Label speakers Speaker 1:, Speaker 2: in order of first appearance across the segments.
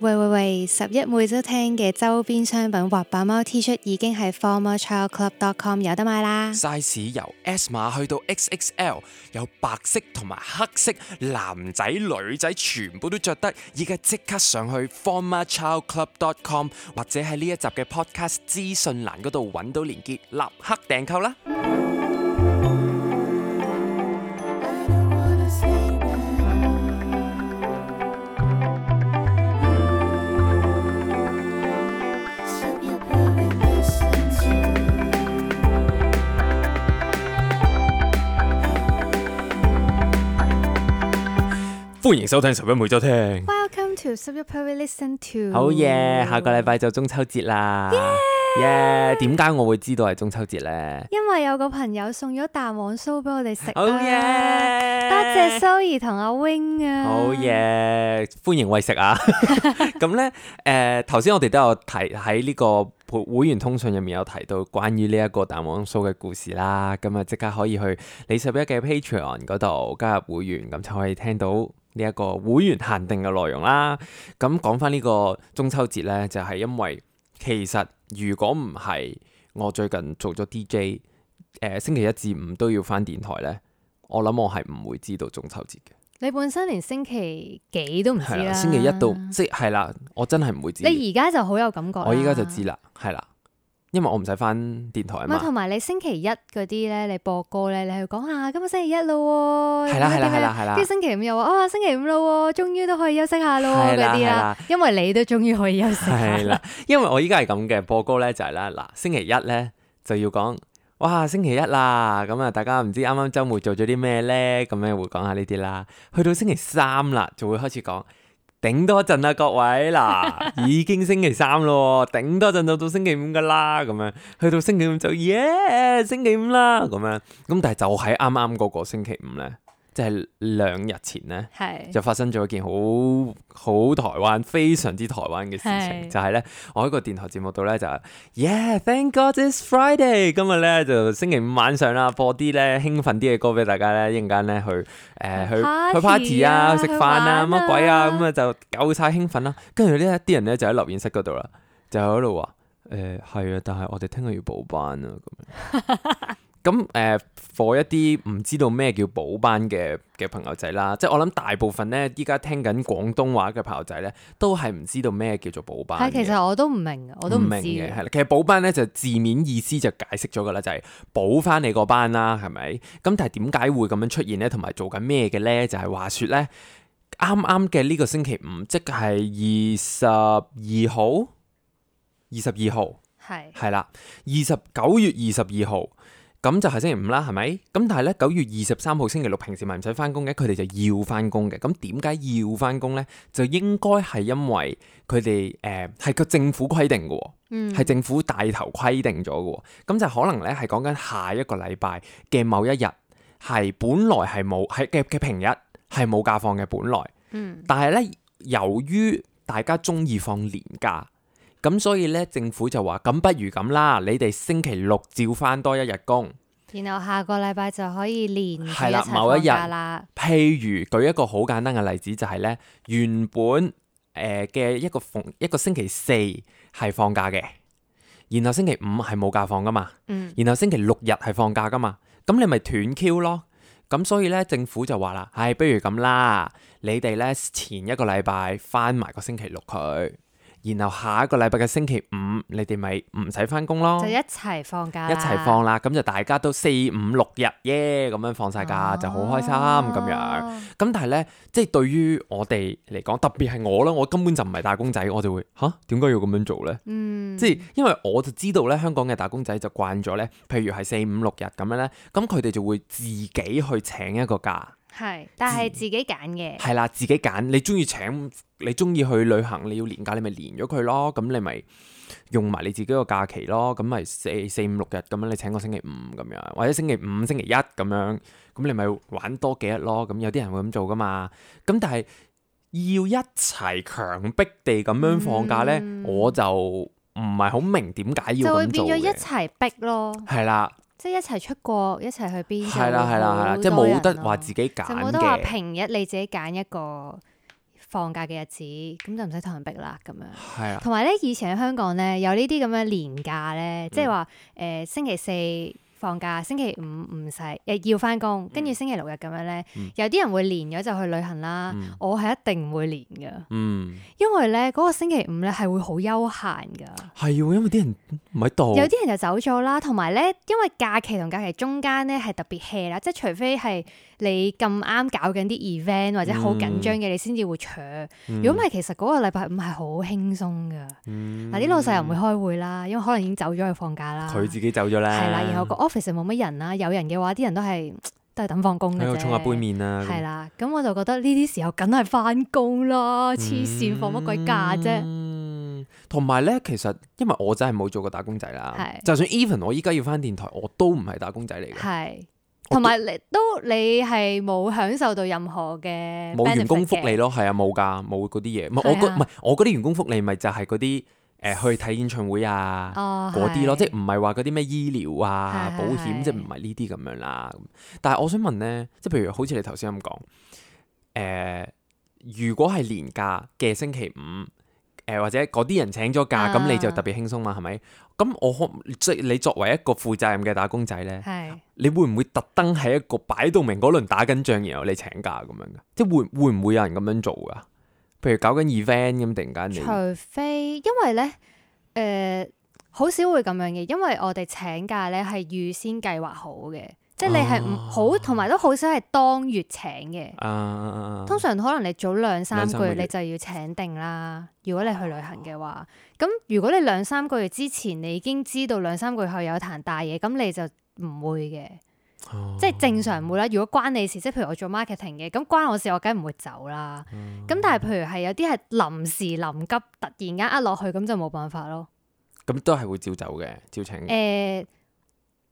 Speaker 1: 喂喂喂！拾壹每週聽嘅周邊商品滑板貓 T 恤已經喺 formerchildclub.com 有得買啦。
Speaker 2: size 由 S 碼去到 XXL，有白色同埋黑色，男仔女仔全部都着得。而家即刻上去 formerchildclub.com 或者喺呢一集嘅 podcast 資訊欄嗰度揾到連結，立刻訂購啦！歡迎收聽十一每周聽。
Speaker 1: Welcome to 十一 Per Listen to。好嘢，下
Speaker 2: 個禮拜就中秋節啦。耶，e 點解我會知道係中秋節呢？
Speaker 1: 因為有個朋友送咗蛋黃酥俾我哋食、啊。好嘢，多謝蘇兒同阿 wing
Speaker 2: 啊。好嘢，歡迎喂食啊！咁 呢，誒、呃，頭先我哋都有提喺呢個會員通訊入面有提到關於呢一個蛋黃酥嘅故事啦。咁啊，即刻可以去你十一嘅 Patreon 嗰度加入會員，咁就可以聽到。呢一個會員限定嘅內容啦，咁講翻呢個中秋節呢，就係因為其實如果唔係我最近做咗 DJ，呃，星期一至五都要翻電台呢。我諗我係唔會知道中秋節嘅。
Speaker 1: 你本身連星期幾都唔知啊？星期一到
Speaker 2: 即係啦，我真係唔會知。你而
Speaker 1: 家就好有感覺，我而家
Speaker 2: 就知啦，係啦，啊。因為我唔使返電台啊嘛、嗯。同
Speaker 1: 埋你星期一嗰啲咧，你播歌咧，你去講下、啊、今日星期一咯、哦。係啦係啦係啦係啦。跟住，啊啊啊啊、星期五又話啊星期五咯，終於都可以休息下咯嗰啲啦，因為你都終於可以休息。係啦，
Speaker 2: 因為我依家係咁嘅播歌咧，就係啦嗱，星期一咧就要講哇星期一啦，咁啊大家唔知啱啱周末做咗啲咩咧，咁咧會講下呢啲啦。去到星期三啦，就會開始講。頂多一陣啦，各位嗱，已經星期三咯，頂多陣就到星期五噶啦，咁樣，去到星期五就耶、yeah，星期五啦，咁樣，咁但係就喺啱啱嗰個星期五咧。即係兩日前呢，是就發生咗一件好好台灣、非常之台灣嘅事情，是就係呢，我喺個電台節目度呢，就係、是、Yeah，Thank God It's Friday，今日呢，就星期五晚上啦，播啲呢興奮啲嘅歌俾大家呢。」「一陣間呢，去誒、呃、去去 party 啊、食、啊、飯啊、乜、啊、鬼啊，咁啊，啊就夠晒興奮啦。跟住呢，一啲人呢，就喺留言室嗰度啦，就喺度話誒係啊，但係我哋聽日要補班啊咁樣。咁誒，for、嗯呃、一啲唔知道咩叫補班嘅嘅朋友仔啦，即係我諗大部分咧，依家聽緊廣東話嘅朋友仔咧，都係唔知道咩叫做補班。其
Speaker 1: 實我都唔明，我都唔明嘅，係
Speaker 2: 啦。其實補班咧就字面意思就解釋咗㗎喇，就係補返你個班啦，係咪？咁但係點解會咁樣出現咧？同埋做緊咩嘅咧？就係、是、話説咧，啱啱嘅呢個星期五，即係二十二號，二十二號，係係啦，二十九月二十二號。咁就係星期五啦，係咪？咁但係咧，九月二十三號星期六平時咪唔使翻工嘅，佢哋就要翻工嘅。咁點解要翻工咧？就應該係因為佢哋誒係個政府規定嘅，係政府帶頭規定咗嘅。咁、嗯、就可能咧係講緊下一個禮拜嘅某一日，係本來係冇喺嘅嘅平日係冇假放嘅，本來。嗯。但係咧，由於大家中意放年假。咁所以咧，政府就話咁不如咁啦，你哋星期六照翻多一日工，
Speaker 1: 然後下個禮拜就可以連繫啦，某一日啦。
Speaker 2: 譬如舉一個好簡單嘅例子，就係、是、咧，原本誒嘅、呃、一個逢一個星期四係放假嘅，然後星期五係冇假放噶嘛，嗯、然後星期六日係放假噶嘛，咁你咪斷 Q 咯。咁所以咧，政府就話啦，係、哎、不如咁啦，你哋咧前一個禮拜翻埋個星期六佢。然後下一個禮拜嘅星期五，你哋咪唔使返工咯，就一
Speaker 1: 齊放假，一齊放
Speaker 2: 啦，咁就大家都四五六日耶，咁樣放晒假，啊、就好開心咁樣。咁但係呢，即係對於我哋嚟講，特別係我啦，我根本就唔係打工仔，我就會吓，點解要咁樣做呢？嗯，即係因為我就知道呢，香港嘅打工仔就慣咗呢，譬如係四五六日咁樣呢，咁佢哋就會自己去請一個假。
Speaker 1: 係，但係自己揀嘅。
Speaker 2: 係啦，嗯，自己揀。你中意請，你中意去旅行，你要年假，你咪連咗佢咯。咁你咪用埋你自己個假期咯。咁咪四四五六日咁樣，你請個星期五咁樣，或者星期五星期一咁樣。咁你咪玩多幾日咯。咁有啲人會咁做噶嘛。咁但係要一齊強迫地咁樣放假呢，嗯、我就唔係好明點解要咁做嘅。就會變咗一
Speaker 1: 齊逼咯。係啦。嗯即係一齊出國，一齊去邊？係啦係啦係啦，即係冇得話自己揀，就冇得話平日你自己揀一個放假嘅日子，咁就唔使同人逼啦咁樣。係啊，同埋咧，以前喺香港咧有呢啲咁樣年假咧，即係話誒星期四。放假星期五唔使，誒要翻工，跟住星期六日咁樣咧，嗯、有啲人會連咗就去旅行啦。嗯、我係一定唔會連噶，嗯、因為咧嗰個星期五咧係會好悠閒噶。
Speaker 2: 係、嗯，因為啲人唔喺度，有啲人
Speaker 1: 就走咗啦。同埋咧，因為假期同假期中間咧係特別 hea 啦，即係除非係。你咁啱搞緊啲 event 或者好緊張嘅，你先至會搶。如果唔係，其實嗰個禮拜五係好輕鬆噶。嗱，啲老細又唔會開會啦，因為可能已經走咗去放假啦。佢
Speaker 2: 自己走咗啦。係啦，然後個
Speaker 1: office 冇乜人啦，有人嘅話，啲人都係都係等放工嘅啫。喺度沖下
Speaker 2: 杯麪啦。係
Speaker 1: 啦，咁我就覺得呢啲時候梗係翻工咯，黐線放乜鬼假啫？
Speaker 2: 同埋咧，其實因為我真係冇做過打工仔啦，就算 even 我依家要翻電台，我都唔係打工仔嚟嘅。
Speaker 1: 係。同埋你都，都你係冇享受到任何嘅，冇員工福利
Speaker 2: 咯，係啊冇㗎，冇嗰啲嘢，唔係是、啊、我個唔係我啲員工福利咪就係嗰啲誒去睇演唱會啊嗰啲、哦、咯，即係唔係話嗰啲咩醫療啊保險，即係唔係呢啲咁樣啦。但係我想問呢，即係譬如好似你頭先咁講，誒、呃、如果係年假嘅星期五。誒或者嗰啲人請咗假，咁、啊、你就特別輕鬆嘛，係咪？咁我可即你作為一個負責任嘅打工仔咧，是你會唔會特登喺一個擺到明嗰輪打緊仗，然後你請假咁樣嘅？即係會會唔會有人咁樣做噶？譬如搞緊 event 咁，突然間你除
Speaker 1: 非因為咧誒，好、呃、少會咁樣嘅，因為我哋請假咧係預先計劃好嘅。即係你係唔好，同埋都好少係當月請嘅。
Speaker 2: 啊、通常
Speaker 1: 可能你早兩三個月你就要請定啦。啊、如果你去旅行嘅話，咁、啊、如果你兩三個月之前你已經知道兩三個月後有談大嘢，咁你就唔會嘅，啊、即係正常唔會啦。如果關你事，即係譬如我做 marketing 嘅，咁關我事，我梗係唔會走啦。咁、啊、但係譬如係有啲係臨時臨急，突然間一落去，咁就冇辦法咯。
Speaker 2: 咁都係會照走嘅，照請嘅。
Speaker 1: 嗯嗯嗯嗯嗯嗯嗯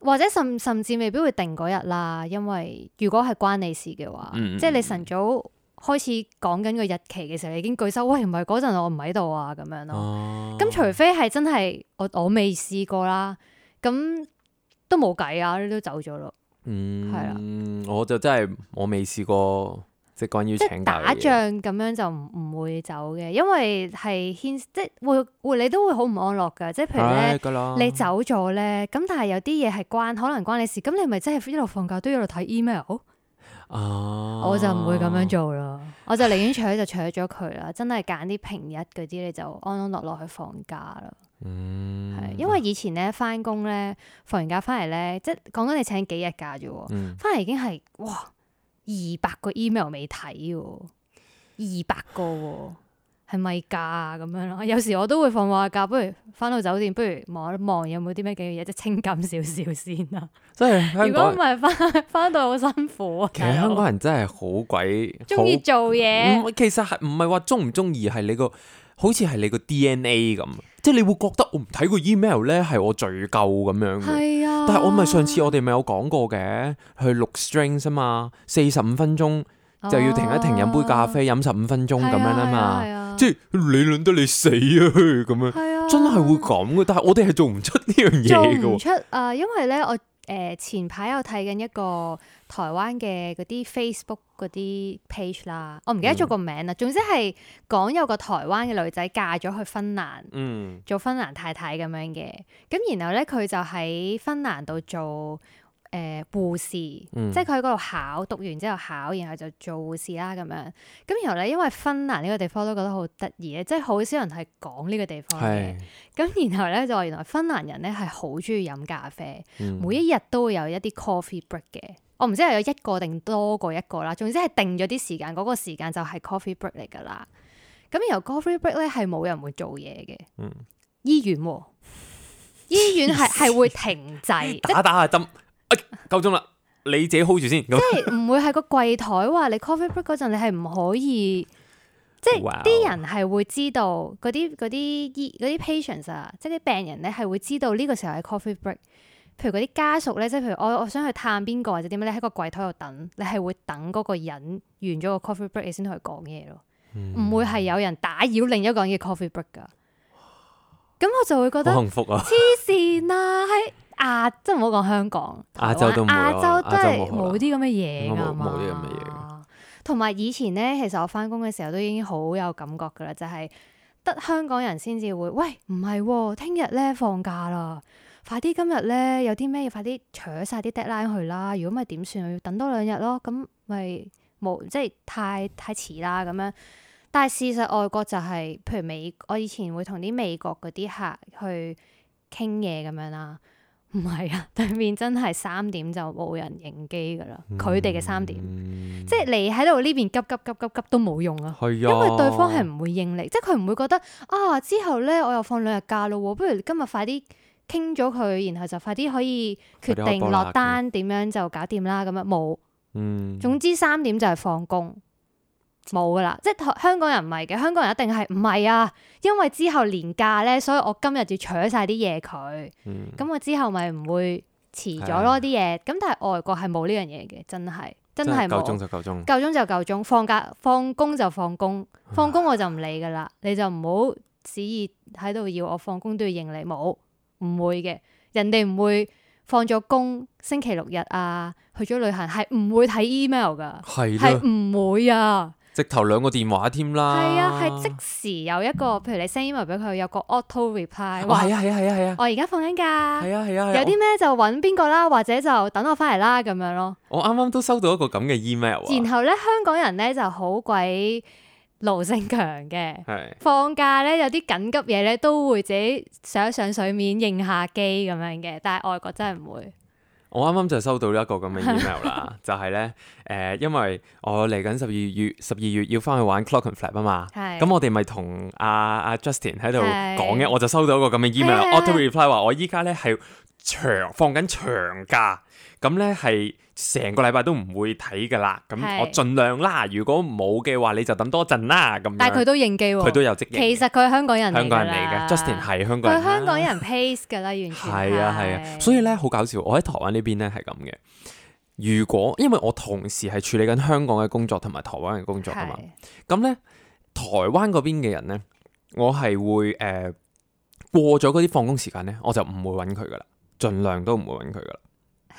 Speaker 1: 或者甚甚至未必會定嗰日啦，因為如果係關你事嘅話，嗯嗯即係你晨早開始講緊個日期嘅時候，你已經舉手，喂，唔係嗰陣我唔喺度啊，咁樣咯。咁、啊、除非係真係我我未試過啦，咁都冇計啊，你都走咗咯。
Speaker 2: 嗯，係啊啦，我就真係我未試過。即打仗
Speaker 1: 咁樣就唔唔會走嘅，因為係牽，即係會會你都會好唔安樂嘅。即係譬如咧，你走咗咧，咁但係有啲嘢係關可能關你事，咁你咪真係一路放假都一路睇 email。哦，我就唔會咁樣做咯，我就寧願除就請咗佢啦。真係揀啲平日嗰啲你就安安樂樂去放假啦。嗯，係因為以前咧翻工咧放完假翻嚟咧，即係講緊你請幾日假啫喎，翻嚟已經係哇。二百個 email 未睇喎，二百個喎，係咪㗎咁樣咯？有時我都會放吓假，不如翻到酒店，不如望一望有冇啲咩嘅嘢，即清咁少少先啦。
Speaker 2: 所以如果唔
Speaker 1: 係翻翻到好辛苦啊。其實
Speaker 2: 香港人真係好鬼中意
Speaker 1: 做嘢。
Speaker 2: 其實係唔係話中唔中意係你個。好似係你個 DNA 咁，即係你會覺得我唔睇個 email 咧，係我罪疚咁樣嘅。係啊，但係我咪上次我哋咪有講過嘅，去錄 strings 啊嘛，四十五分鐘就要停一停，飲、啊、杯咖啡，飲十五分鐘咁、啊、樣啦嘛。啊啊、即係你諗得你死啊咁樣，啊、真係會咁嘅。但係我哋係做唔出呢樣嘢嘅。出
Speaker 1: 啊，因為咧我。誒前排有睇緊一個台灣嘅嗰啲 Facebook 嗰啲 page 啦，我唔記得咗個名啦。總之係講有個台灣嘅女仔嫁咗去芬蘭，做芬蘭太太咁樣嘅。咁然後咧，佢就喺芬蘭度做。誒、呃、護士，即係佢喺嗰度考，嗯、讀完之後考，然後就做護士啦咁樣。咁然後咧，因為芬蘭呢個地方都覺得好得意，咧，即係好少人係講呢個地方嘅。咁
Speaker 2: 是
Speaker 1: 然後咧就原來芬蘭人咧係好中意飲咖啡，嗯、每一日都會有一啲 coffee break 嘅。我唔知係有一個定多過一個啦，總之係定咗啲時間，嗰、嗰個時間就係 coffee break 嚟㗎喇。咁然後 coffee break 咧係冇人會做嘢嘅、嗯哦，醫院醫院係係會停滯 打
Speaker 2: 打下針。打夠鐘啦，你自己 hold 住先。即係唔
Speaker 1: 會係個櫃台話你 coffee break 陣，你係唔可以，
Speaker 2: 即係啲人
Speaker 1: 係會知道嗰啲啲醫啲 patients 啊，即係啲病人咧係會知道呢個時候係 coffee break。譬如嗰啲家屬咧，即係譬如我我想去探邊個或者點樣咧，喺個櫃台度等，你係會等嗰個人完咗個 coffee break 先去講嘢咯，唔、嗯、會係有人打擾另一個人嘅 coffee break 噶。咁我就會覺得好幸福啊，黐線啊，係。亞即係唔好講香港，亞洲都冇啊，亞洲都係冇啲咁嘅嘢㗎嘛，冇啲咁嘅嘢。同埋以前咧，其實我翻工嘅時候都已經好有感覺㗎啦，就係、是、得香港人先至會喂，唔係，聽日咧放假啦，快啲今日咧有啲咩要快啲搶晒啲 deadline 去啦。如果咪點算，要等多兩日咯，咁咪冇即係太太遲啦咁樣。但係事實外國就係、是，譬如美，我以前會同啲美國嗰啲客去傾嘢咁樣啦。唔係啊，對面真係三點就冇人應機噶啦，佢哋嘅三點，嗯、即係你喺度呢邊急急急急急都冇用啊，啊
Speaker 2: 因為對方係唔
Speaker 1: 會應你，即係佢唔會覺得啊之後咧我又放兩日假咯，不如今日快啲傾咗佢，然後就快啲可以決定落單點、啊、樣就搞掂啦，咁樣冇，嗯、總之三點就係放工。冇噶啦，即係香港人唔係嘅，香港人一定係唔係啊？因為之後年假咧，所以我今日就要搶晒啲嘢佢，咁、嗯、我之後咪唔會遲咗咯啲嘢。咁的但係外國係冇呢樣嘢嘅，真係真係的冇。夠鐘就夠鐘，夠鐘就夠鐘。放假放工就放工，放工我就唔理噶啦，嗯、你就唔好旨意喺度要我放工都要認你冇唔會嘅，人哋唔會放咗工，星期六日啊去咗旅行係唔會睇 email 噶，係唔的會啊。
Speaker 2: 直頭兩個電話添啦，係啊，係即
Speaker 1: 時有一個，譬如你 send email 俾佢，有個 auto reply，係啊係啊係啊，啊啊啊我而家放緊假，係啊係啊，啊啊有啲咩就搵邊個啦，或者就等我翻嚟啦咁樣咯。
Speaker 2: 我啱啱都收到一個咁嘅 email，啊。然
Speaker 1: 後咧，香港人咧就好鬼奴性強嘅，是放假咧有啲緊急嘢咧都會自己上一上水面應下機咁樣嘅，但係外國真係唔會。
Speaker 2: 我啱啱就收到一個咁嘅 email 啦， 就係咧誒，因為我嚟緊十二月十二月要返去玩 Clockenflap 啊嘛，咁是、嗯、我哋咪同阿阿 Justin 喺度講嘅，我就收到一個咁嘅 email，auto 的 reply 話我依家咧係長放緊長假。咁咧係成個禮拜都唔會睇噶啦。咁我盡量啦。如果冇嘅話，你就等多陣啦。咁但係佢都
Speaker 1: 應記喎、啊，佢都有積。其實佢香，香，香港人，香港人嚟嘅
Speaker 2: Justin 係香港人。佢香
Speaker 1: 港人 pace 噶啦，完全係啊
Speaker 2: 係啊，啊。所以咧好搞笑，我喺台灣呢邊咧係咁嘅。如果因為我同時係處理緊香港嘅工作同埋台灣嘅工作噶嘛，咁咧係，台灣嗰邊嘅人咧，我係會誒、呃、過咗嗰啲放工時間咧，我就唔會搵佢噶啦，盡量都唔會搵佢噶啦。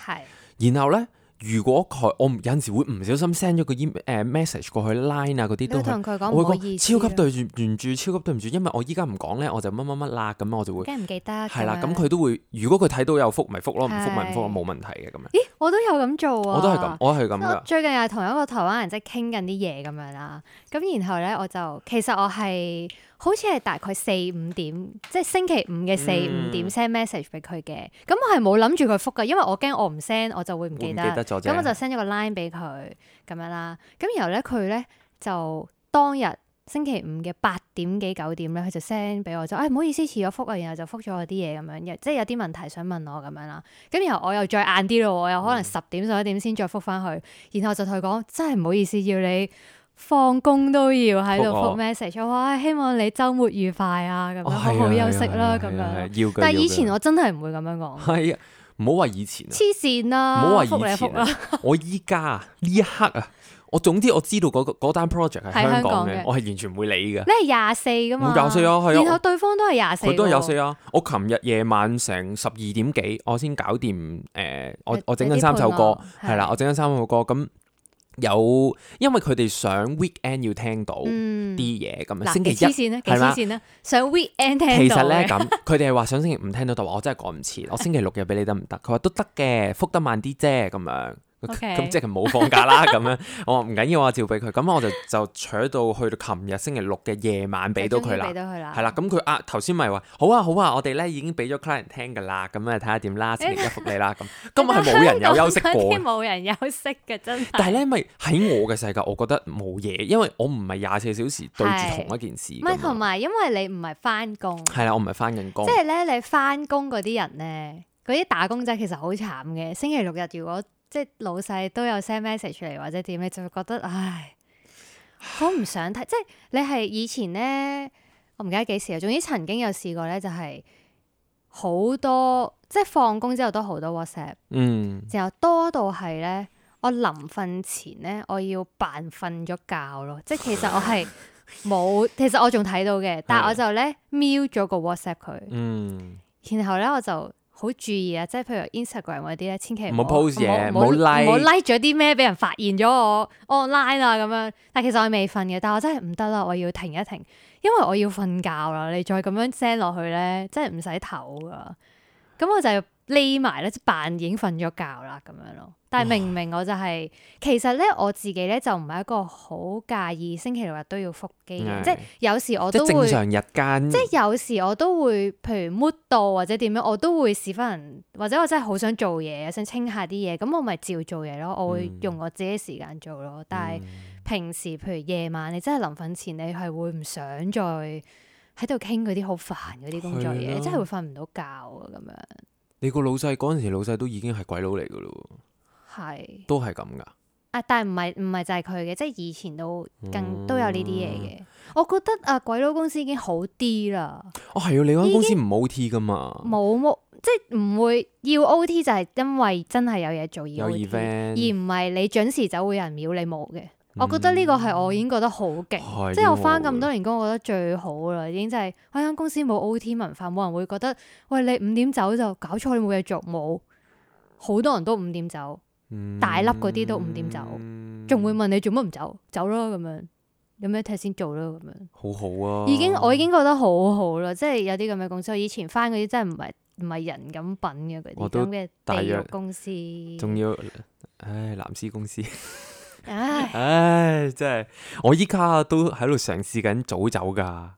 Speaker 2: 係，是然後咧，如果佢我有陣時會唔小心 send 咗個 email 誒 message 過去 line 啊嗰啲都同。係，我超級對唔住，超級對唔住，因為我依家唔講咧，我就乜乜乜啦，咁我就會，
Speaker 1: 梗係唔記得，係啦，咁佢都
Speaker 2: 會，如果佢睇到有復，咪復咯，唔復唔復我冇問題嘅咁樣。
Speaker 1: 咦，我都有咁做啊，我都係咁，我
Speaker 2: 係咁噶。最
Speaker 1: 近又係同一個台灣人即係傾緊啲嘢咁樣啦，咁然後咧，我就其實我係。好似係大概四五點，即係星期五嘅四五點 send message 俾佢嘅。咁、嗯、我係冇諗住佢復㗎，因為我驚我唔 send 我就會唔記得。咁我就 send 咗個 line 俾佢咁樣啦。咁然後咧，佢咧就當日星期五嘅八點幾九點咧，佢就 send 俾我就，唉、哎，唔好意思遲咗復啊。然後就復咗我啲嘢咁樣，即係有啲問題想問我咁樣啦。咁然後我又再晏啲咯，我又可能十點十一點先再復翻佢。嗯、然後我就同佢講，真係唔好意思要你。放工都要喺度復 message，我話希望你周末愉快啊，咁樣好好休息啦，咁
Speaker 2: 樣。但係以前我
Speaker 1: 真係唔會咁樣講。
Speaker 2: 係啊，唔好話以前。黐
Speaker 1: 線啦，唔好話以前。啦。
Speaker 2: 我依家啊，呢一刻啊，我總之我知道嗰單 project 係香港嘅，我係完全唔會理㗎。你係
Speaker 1: 廿四㗎嘛？廿四啊，係啊。然後對方都係廿四，佢都廿四
Speaker 2: 啊。我琴日夜晚成十二點幾，我先搞掂。誒，我我整緊三首歌，係啦，我整緊三首歌咁。有，因為佢哋想 weekend 要聽到啲嘢，咁啊、嗯、星期一係啦，痴線
Speaker 1: 吧想 weekend 聽到。其實咧咁，
Speaker 2: 佢哋係話想星期五聽到，但話我真係趕唔切，我星期六日俾你得唔得？佢話 都得嘅，復得慢啲啫，咁樣。咁 Okay. 即係冇放假啦，咁樣我話唔緊要啊，照俾佢。咁我就就坐到去到琴日星期六嘅夜晚俾到佢啦，係啦、 嗯。咁佢啊頭先咪話好啊好啊，我哋咧已經俾咗 client 聽噶啦，咁樣睇下點啦，星期一覆你啦。咁今日係冇人有休息過，
Speaker 1: 冇 人休息嘅真。但係
Speaker 2: 咧，因為喺我嘅世界，我覺得冇嘢，因為我唔係廿四小時對住同一件事。唔係
Speaker 1: 同埋，因為你唔係翻工。
Speaker 2: 係啦、嗯，我唔係翻緊工。即係
Speaker 1: 咧，你翻工嗰啲人咧，嗰啲打工仔其實好慘嘅。星期六日如果即係老細都有 send message 嚟，或者點咧，就會覺得唉，好唔想睇。即係你係以前咧，我唔記得幾時啊。總之曾經有試過咧，就係好多即係放工之後都好多 WhatsApp。嗯。然後多到係咧，我臨瞓前咧，我要扮瞓咗覺咯。即係其實我係冇， 其實我仲睇到嘅，但係我就咧瞄咗個 WhatsApp 佢。嗯。然後咧我就。好注意啊！即係譬如 Instagram 嗰啲咧，千祈唔好 post 嘢，唔好沒 like，唔好 like 咗啲咩俾人發現咗我 online 啊咁樣。但其實我未瞓嘅，但我真係唔得啦，我要停一停，因為我要瞓覺啦。你再咁樣 send 落去咧，真係唔使唞噶。咁我就是。匿埋咧，即扮已經瞓咗覺啦，咁樣咯。但係明唔明？我就係、是哦、其實咧，我自己咧就唔係一個好介意星期六日都要覆機嘅，是即有時我都會正
Speaker 2: 常即
Speaker 1: 有時我都會，譬如摸到或者點樣，我都會覆返人，或者我真係好想做嘢，想清一下啲嘢，咁我咪照做嘢咯。我會用我自己時間做咯。嗯、但係平時，譬如夜晚，你真係臨瞓前，你係會唔想再喺度傾嗰啲好煩嗰啲工作嘢的對吧，真係會瞓唔到覺啊咁樣。
Speaker 2: 你個老細嗰陣時老細都已經係鬼佬嚟噶咯，
Speaker 1: 係是都係咁噶。啊，但係唔係唔係就係佢嘅，即係以前都更、嗯、都有呢啲嘢嘅。我覺得啊，鬼佬公司已經好啲啦。
Speaker 2: 哦，係啊，你嗰間公司唔 O T 噶嘛？
Speaker 1: 冇，即係唔會要 O T 就係因為真係有嘢做有
Speaker 2: event, 而而
Speaker 1: 唔係你準時走會有人秒你冇嘅。我覺得呢個係我已經覺得好勁，的即係我返咁多年工，我覺得最好啦，已經就係、是，哎呀，公司冇 O.T. 文化，冇人會覺得，喂，你五點走就搞錯，你冇嘢做，冇好多人都五點走，嗯、大粒嗰啲都五點走，仲、嗯、會問你做乜唔走？走咯咁樣，有咩睇先做咯咁樣，
Speaker 2: 好好啊，已經我已
Speaker 1: 經覺得好好啦，即係有啲咁嘅公司，以前返嗰啲真係唔係唔係人咁品嘅嗰啲咁嘅地獄公司，仲
Speaker 2: 要，唉，藍絲公司。 唉，真係我依家都喺度嘗試緊早走噶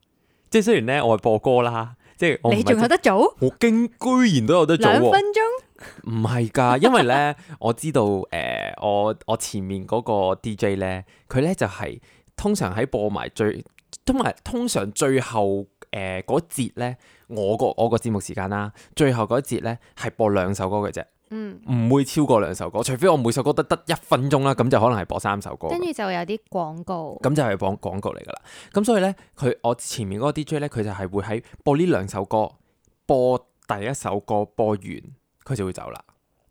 Speaker 2: 即係雖然咧我係播歌啦，即係你仲有得早？我驚居然都有得早、哦。兩分鐘？唔係噶，因為咧 我知道誒、呃，我我前面嗰個 DJ 咧，佢咧就係、是、通常喺播埋最，同埋通常最後誒嗰節咧，我個我個節目時間啦，最後嗰節咧係播兩首歌嘅啫。嗯，唔會超過兩首歌，除非我每首歌都得一分鐘啦，咁、嗯、就可能係播三首歌，跟
Speaker 1: 住就有啲廣告，
Speaker 2: 咁就係播廣告嚟噶啦。咁所以呢，佢我前面嗰個 DJ 呢，佢就係會喺播呢兩首歌，播第一首歌播完，佢就會走啦。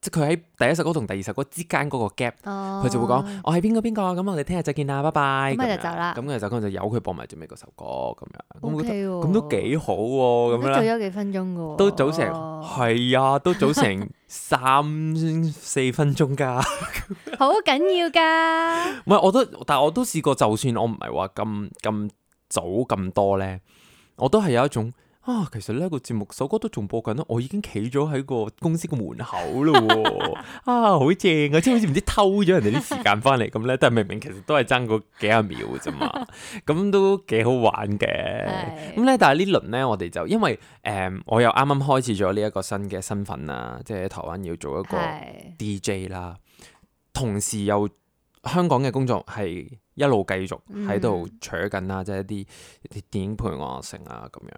Speaker 2: 即佢喺第一首歌同第二首歌之間嗰個 gap，
Speaker 1: 佢就會講：
Speaker 2: 我係邊個邊個？咁我哋聽日再見啦，拜拜。咁就走啦。咁跟住就咁就由佢播埋最尾嗰首歌咁、okay 哦、樣、啊。咁都幾好喎。咁咧，做咗
Speaker 1: 幾分鐘噶、
Speaker 2: 哦？都早成，係、哦、啊，都早成三 四分鐘㗎。
Speaker 1: 好 緊要㗎。唔
Speaker 2: 係， 我都，但係我都試過，就算我唔係話咁咁早咁多咧，我都係有一種。啊，其實咧、呢個節目首歌都仲播緊咯，我已經企咗喺個公司嘅門口咯， 啊好正啊，即係好似唔知，知偷咗人哋啲時間翻嚟咁咧， 但係明明其實都係爭個幾廿秒咋嘛，咁 都幾好玩嘅。咁咧是、嗯，但係呢輪咧，我哋就因為誒、嗯、我又啱啱開始咗呢一個新嘅身份啦，即係喺台灣要做一個 DJ 啦，是同時又香港嘅工作係一路繼續喺度扯緊啦，嗯、即係一啲電影配樂成啊咁樣。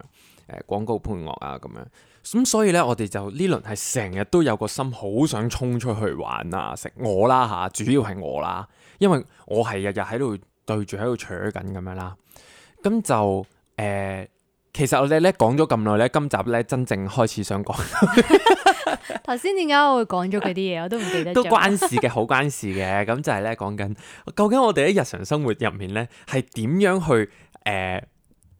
Speaker 2: 誒，廣告配樂啊，咁樣咁，所以呢，我哋就呢輪係成日都有個心，好想衝出去玩啊，食我啦吓，主要係我啦，因為我係日日喺度對住喺度坐緊咁樣啦，咁就誒、呃，其實我哋咧講咗咁耐咧，今集咧真正開始想講，
Speaker 1: 頭先點解我會講咗佢啲嘢？ 我都唔記得，都關事
Speaker 2: 嘅， 好關事嘅，咁就係咧講緊，究竟我哋喺日常生活入面咧係點樣去誒、呃、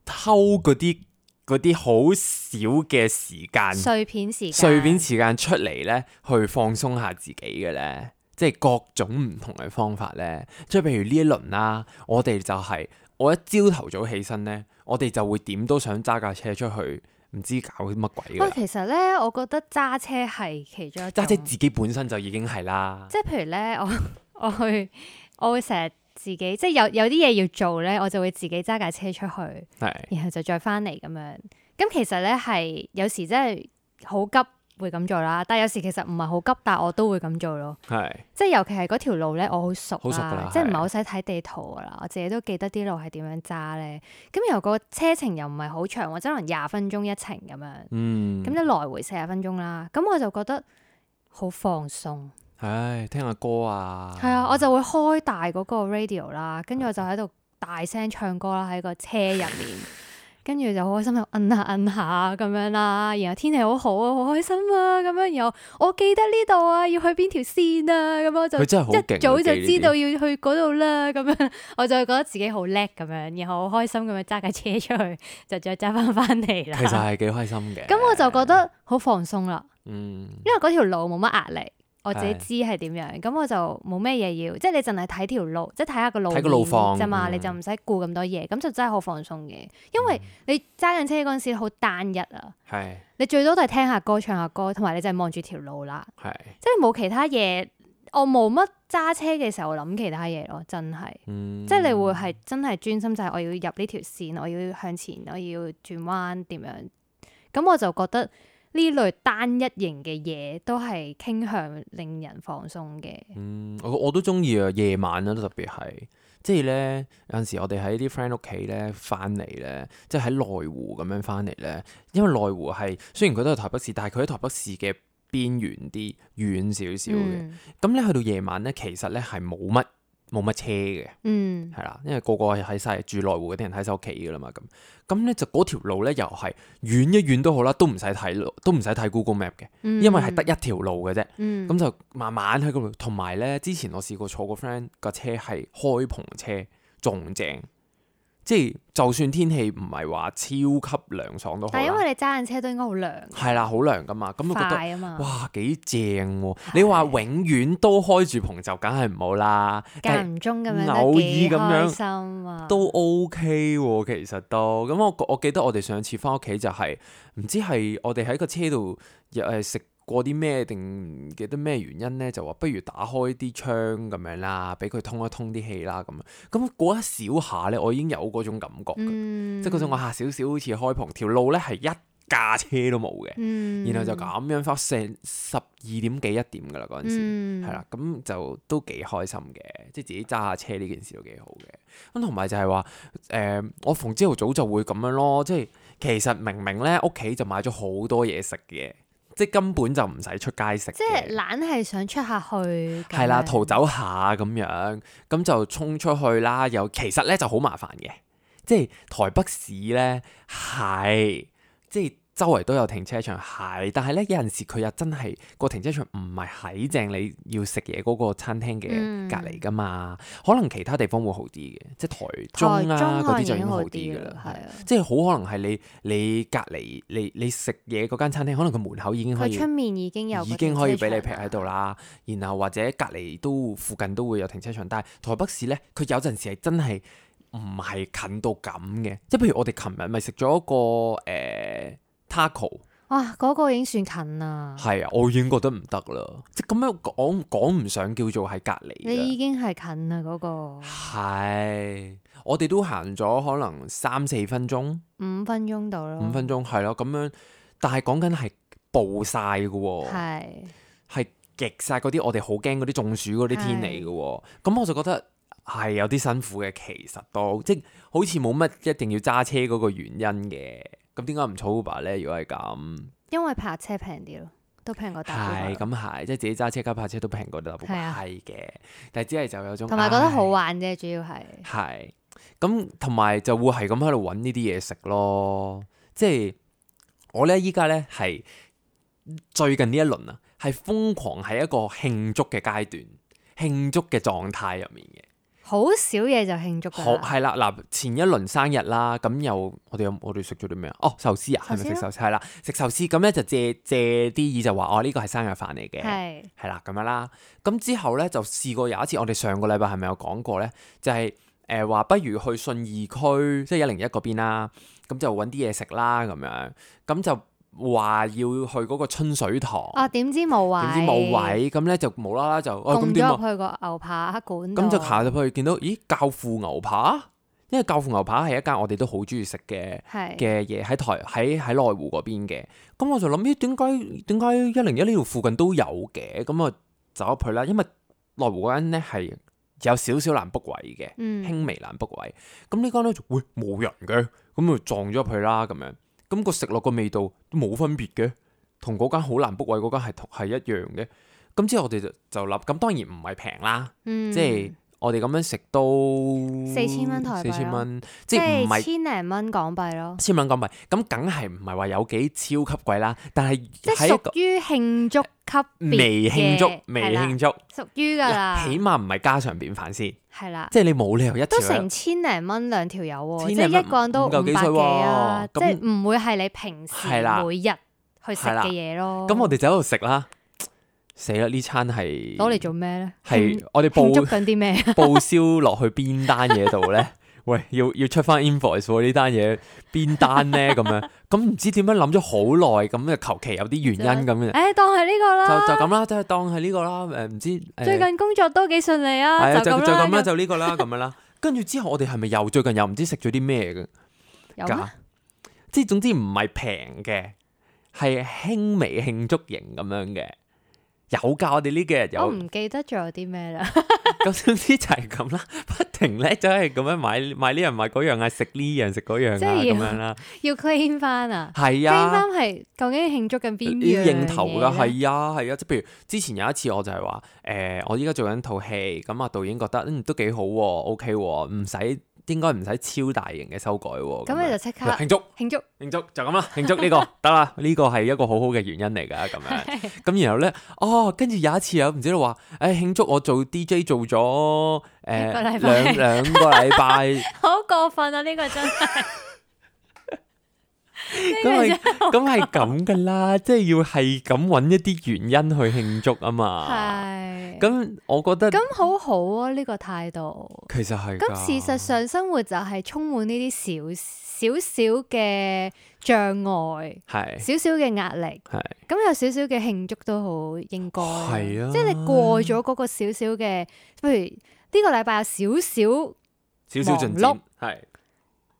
Speaker 2: 偷嗰啲？嗰啲好少嘅時間，碎
Speaker 1: 片時間，碎片時
Speaker 2: 間出嚟呢，去放鬆下自己嘅呢，即係各種唔同嘅方法呢。即係譬如呢一輪啦、啊，我哋就係、是、我一朝頭早起身呢，我哋就會點都想揸架車出去，唔知搞啲乜鬼嘅。啊，其
Speaker 1: 實呢，我覺得揸車係其中一揸車
Speaker 2: 自己本身就已經係啦。
Speaker 1: 即係譬如呢，我我去我會成日。自己即係有有啲嘢要做咧，我就會自己揸架車出去，是然後就再翻嚟咁樣。咁其實咧係有時真係好急會咁做啦，但係有時其實唔係好急，但我都會咁做咯。是即係尤其係嗰條路咧，我好熟啊，熟即係唔係好使睇地圖噶啦，是我自己都記得啲路係點樣揸咧。咁然後個車程又唔係好長，或者可能廿分鐘一程咁樣，咁、嗯、就來回四十分鐘啦。咁我就覺得好放鬆。
Speaker 2: 唉，聽下歌啊！係啊，我
Speaker 1: 就會開大嗰個 radio 啦，跟住我就喺度大聲唱歌啦，喺個車入面，跟住就好開心，又摁下摁下咁樣啦。然後天氣好好啊，好開心啊，咁樣然後我記得呢度啊，要去邊條線啊，咁樣我就、啊、一早就知道要去嗰度啦。咁樣我就會覺得自己好叻咁樣，然後好開心咁樣揸架車出去，就再揸翻翻嚟啦。其實係
Speaker 2: 幾開心嘅。咁我
Speaker 1: 就覺得好放鬆啦，因為嗰條路冇乜壓力。我自己知係點樣，咁是我就冇咩嘢要，即、就、係、是、你淨係睇條路，即係睇下個路況啫嘛，路嗯、你就唔使顧咁多嘢，咁就真係好放鬆嘅。因為你揸緊車嗰陣時好單一啊，是你最多都係聽下歌、唱下歌，同埋你就係望住條路啦，是即係冇其他嘢。我冇乜揸車嘅時候諗其他嘢咯，真係，即係、嗯、你會係真係專心就係我要入呢條線，我要向前，我要轉彎點樣。咁我就覺得。呢類單一型嘅嘢都係傾向令人放鬆嘅。
Speaker 2: 嗯，我我都中意啊，夜晚都特別係，即係呢，有陣時我哋喺啲 friend 屋企呢翻嚟呢，即係喺內湖咁樣翻嚟呢。因為內湖係雖然佢都係台北市，但係佢喺台北市嘅邊緣啲，遠少少嘅。咁咧、嗯、去到夜晚呢，其實呢係冇乜。冇乜車嘅，嗯，係啦，因為個個係喺曬住內湖嗰啲人喺曬屋企噶啦嘛，咁咁咧就嗰條路咧又係遠一遠都好啦，都唔使睇路都唔使睇 Google Map 嘅，嗯、因為係得一條路嘅啫，咁、嗯、就慢慢喺嗰度。同埋咧，之前我試過坐過 friend 個車係開篷車，仲正。即係、就是、就算天氣唔係話超級涼爽都，好，但係因為
Speaker 1: 你揸緊車都應該好涼。
Speaker 2: 係啦、啊，好涼噶嘛，咁我覺得哇幾正喎、啊！是你話永遠都開住篷就梗係唔好啦，的是間
Speaker 1: 唔中咁樣偶爾咁樣
Speaker 2: 都 OK 喎、啊，其實都咁、OK 啊、我我記得我哋上次翻屋企就係、是、唔知係我哋喺個車度又係食。過啲咩定記得咩原因呢？就話不如打開啲窗咁樣啦，俾佢通一通啲氣啦咁。咁一小下呢，我已經有嗰種感覺，即係嗰種我下少少好似開蓬條路呢，係一架車都冇嘅，嗯、然後就咁樣翻成十二點幾一點噶啦嗰陣時，係啦、嗯，咁就都幾開心嘅，即係自己揸下車呢件事都幾好嘅。咁同埋就係話誒，我逢朝頭早就會咁樣咯，即係其實明明明呢，屋企就買咗好多嘢食嘅。即根本就唔使出街食，即係
Speaker 1: 懶係想出下去，係啦，逃
Speaker 2: 走下咁樣，咁就衝出去啦。又其實咧就好麻煩嘅，即係台北市咧，係，即係。周圍都有停車場，係，但係呢，有陣時佢又真係個停車場唔係喺正你要食嘢嗰個餐廳嘅隔離㗎嘛，嗯、可能其他地方會好啲嘅，即係台中啦、啊，嗰啲、啊、就已經好
Speaker 1: 啲㗎啦，即
Speaker 2: 係好可能係你你隔離你你食嘢嗰間餐廳，可能佢門口已經可以出
Speaker 1: 面已經有、啊、已經可以俾你劈
Speaker 2: 喺度啦，然後或者隔離都附近都會有停車場，但係台北市呢，佢有陣時係真係唔係近到咁嘅，即係譬如我哋琴日咪食咗一個誒。呃
Speaker 1: 哇，嗰個已經算近啦。
Speaker 2: 係啊，我已經覺得唔得啦。即咁樣講講唔上叫做係隔籬，
Speaker 1: 你已經係近啦嗰個。
Speaker 2: 係，我哋都行咗可能三四分鐘，
Speaker 1: 五分鐘到咯。
Speaker 2: 五分鐘係咯，咁樣，但係講緊係暴晒噶喎，係係極晒嗰啲，我哋好驚嗰啲中暑嗰啲天嚟噶喎。咁是我就覺得係，哎，有啲辛苦嘅，其實都，即好似冇乜一定要揸車嗰個原因嘅。咁點解唔坐 Uber 咧？如果係咁，
Speaker 1: 因為泊車平啲咯，都平過搭。係
Speaker 2: 咁係，即係自己揸車加泊車都平過搭 Uber 係嘅。但係只係就有種同埋覺得
Speaker 1: 好玩啫，主要係
Speaker 2: 係咁同埋就會係咁喺度揾呢啲嘢食咯。即係我咧依家咧係最近呢一輪啊，係瘋狂喺一個慶祝嘅階段，慶祝嘅狀態入面嘅。好
Speaker 1: 少嘢就慶祝好啦，
Speaker 2: 係啦，嗱前一輪生日啦，咁又我哋有我哋食咗啲咩啊？哦，壽司啊，係咪食壽司？係啦，食壽司咁咧就借借啲意就話哦，呢個係生日飯嚟嘅，係是，係啦咁樣啦。咁之後咧就試過有一次，我哋上個禮拜係咪有講過咧？就係誒話不如去信義區，即係一零一嗰邊啦，咁就揾啲嘢食啦咁樣，咁就。話要去嗰個春水堂，
Speaker 1: 哦、啊，點知冇位，點知冇位，
Speaker 2: 咁咧就無啦啦就，咁點啊？咁點啊？咁就去
Speaker 1: 個牛扒館，咁就行
Speaker 2: 入去見到，咦？教父牛扒？因為教父牛扒係一間我哋都好中意食嘅，嘅嘢喺台喺喺內湖嗰邊嘅。咁我就諗，咦？點解點解一零一呢度附近都有嘅？咁啊，走咗去啦，因為內湖嗰間咧係有少少難 book 位嘅，輕、嗯、微難 book 位。咁呢間咧，喂，冇人嘅，咁就撞咗佢啦，咁樣。咁個食落個味道都冇分別嘅，同嗰間好難 book 位嗰間係同係一樣嘅。咁之後我哋就就諗，咁當然唔係平啦，嗯、即係。我哋咁樣食都四千蚊台，四千蚊，即係千
Speaker 1: 零蚊港幣咯。
Speaker 2: 千蚊港幣，咁梗係唔係話有幾超級貴啦？但係即係屬
Speaker 1: 於慶祝級，未慶祝，未慶祝，的屬於㗎啦。起
Speaker 2: 碼唔係家常便飯先。係啦，的即係你冇理由一條都成
Speaker 1: 千零蚊兩條友喎，千即係一個人都五百幾啊，那即係唔會係你平時每日去食嘅嘢咯。咁
Speaker 2: 我哋就喺度食啦。死啦！呢餐係攞
Speaker 1: 嚟做咩咧？係我哋報慶祝緊啲咩？報
Speaker 2: 銷落去邊單嘢度咧？喂，要要出翻 invoice 呢單嘢邊單咧？咁樣咁唔知點樣諗咗好耐，咁就求其有啲原因咁樣。誒，
Speaker 1: 當係呢個啦，就就咁
Speaker 2: 啦，即係當係呢個啦。誒，唔知最近
Speaker 1: 工作都幾順利啊？係啊，就就咁啦，
Speaker 2: 就呢個啦，咁樣啦。跟住之後我哋係咪又最近又唔知食咗啲咩嘅？有咩？即係總之唔係平嘅，係輕微慶祝型咁樣嘅。有㗎，我哋呢幾日有，我唔
Speaker 1: 記得仲有啲咩啦。
Speaker 2: 咁總之就係咁啦，不停咧就係咁樣買買呢樣買嗰樣啊，食呢樣食嗰樣啊，咁樣啦。
Speaker 1: 要 clean 翻啊！
Speaker 2: 係啊 clean 翻
Speaker 1: 係究竟慶祝緊邊啲嘢？要應酬㗎，係
Speaker 2: 啊係啊，即譬、啊、如之前有一次我就係話誒，我依家做緊套戲，咁啊導演覺得嗯都幾好喎、啊、，OK 喎、啊，唔使。應該唔使超大型嘅修改喎，咁你
Speaker 1: 就即刻慶祝
Speaker 2: 慶祝慶祝就咁啦，慶祝呢、這個得啦，呢、 這個係一個好好嘅原因嚟㗎咁樣。咁 然後咧，哦，跟住有一次又唔知道話，誒、哎、慶祝我做 DJ 做咗誒、呃、兩兩個禮拜，
Speaker 1: 好過分啊呢、這個真係。
Speaker 2: 咁係咁係，咁噶啦，即係要係咁揾一啲原因去慶祝啊嘛。係，咁我覺得咁
Speaker 1: 好好啊呢個態度。
Speaker 2: 其實係咁，事實
Speaker 1: 上生活就係充滿呢啲少少少嘅障礙，係少少嘅壓力，係咁有少少嘅慶祝都好應該，係啊，即係你過咗嗰個少少嘅，譬如呢個禮拜有少少
Speaker 2: 少少進步，係。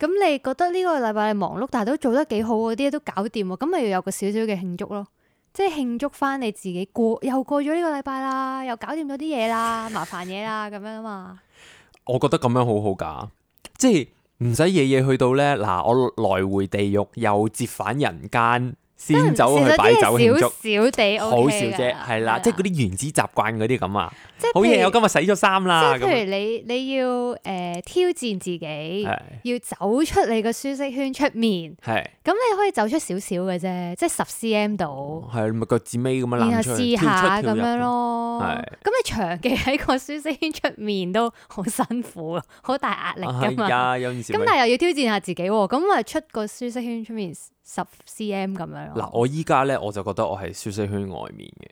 Speaker 1: 咁你覺得呢個禮拜你忙碌，但係都做得幾好，嗰啲都搞掂，咁咪要有個少少嘅慶祝咯，即係慶祝翻你自己過又過咗呢個禮拜啦，又搞掂咗啲嘢啦，麻煩嘢啦，咁樣啊嘛，
Speaker 2: 我覺得咁樣好好噶，即係唔使夜夜去到咧，嗱，我來回地獄又折返人間。先走去擺酒慶祝，少
Speaker 1: 少啲，好少啫，
Speaker 2: 係啦，即係嗰啲原子習慣嗰啲咁啊，即係好嘢！我今日洗咗衫啦，咁譬如
Speaker 1: 你你要誒挑戰自己，要走出你個舒適圈出面，咁你可以走出少少嘅啫，即係十 cm 度，
Speaker 2: 係咪腳趾尾咁樣試下，跳出跳入咁樣咯，
Speaker 1: 咁你長期喺個舒適圈出面都好辛苦，好大壓力㗎嘛，
Speaker 2: 咁但係又
Speaker 1: 要挑戰下自己喎，咁咪出個舒適圈出面。十 cm 咁樣咯。嗱，
Speaker 2: 我依家咧我就覺得我係舒適圈外面嘅，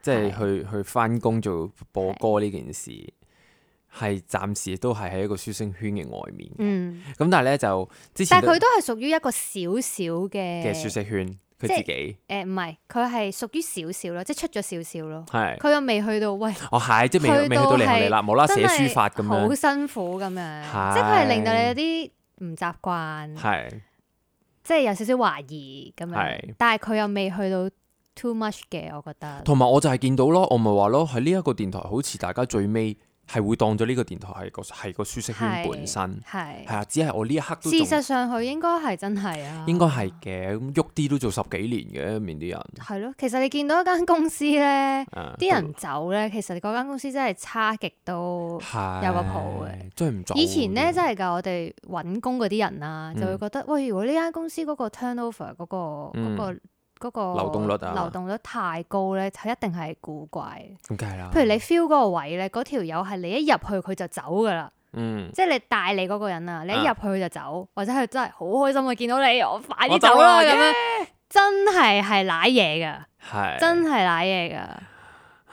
Speaker 2: 即係去去翻工做播歌呢件事，係暫時都係喺一個舒適圈嘅外面。嗯，咁但係咧就之前，但係佢都
Speaker 1: 係屬於一個小小嘅、嘅舒
Speaker 2: 適圈。佢自己
Speaker 1: 誒唔係，佢係屬於小小咯，即係出咗小小咯。係，佢又未去到喂。
Speaker 2: 我係，即係未未去到你啦，冇啦寫書法咁樣，好
Speaker 1: 辛苦咁樣，即
Speaker 2: 係佢係令到你有
Speaker 1: 啲唔習慣。係。即係有少少懷疑咁樣，是但係佢又未去到 too much 嘅，我覺得。
Speaker 2: 同埋我就係見到咯，我咪話咯，喺呢一個電台好似大家最尾。係會當咗呢個電台係個係個舒適圈本身，係係啊，只係我呢一刻都。事實
Speaker 1: 上，佢應該係真係啊。
Speaker 2: 應該係嘅，咁喐啲都做十幾年嘅，入面啲人。
Speaker 1: 係咯，其實你見到一間公司咧，啲、啊、人走咧，了其實嗰間公司真係差極都有個譜嘅，
Speaker 2: 真係唔。以前咧
Speaker 1: 真係噶，我哋揾工嗰啲人啊，嗯、就會覺得喂，如果呢間公司嗰個 turnover 嗰、嗰個嗰個。嗰個嗯嗰個流動率、啊、流動率太高呢，就一定係古怪。咁梗係啦。譬如你 feel 嗰個位呢，嗰條友係你一入去佢就走噶啦。嗯、即係你帶你嗰個人啊，你一入去佢就走，啊、或者佢真係好開心啊！見到你，我快啲走啦咁、啊、樣， 真係係賴嘢噶，是真係賴嘢噶，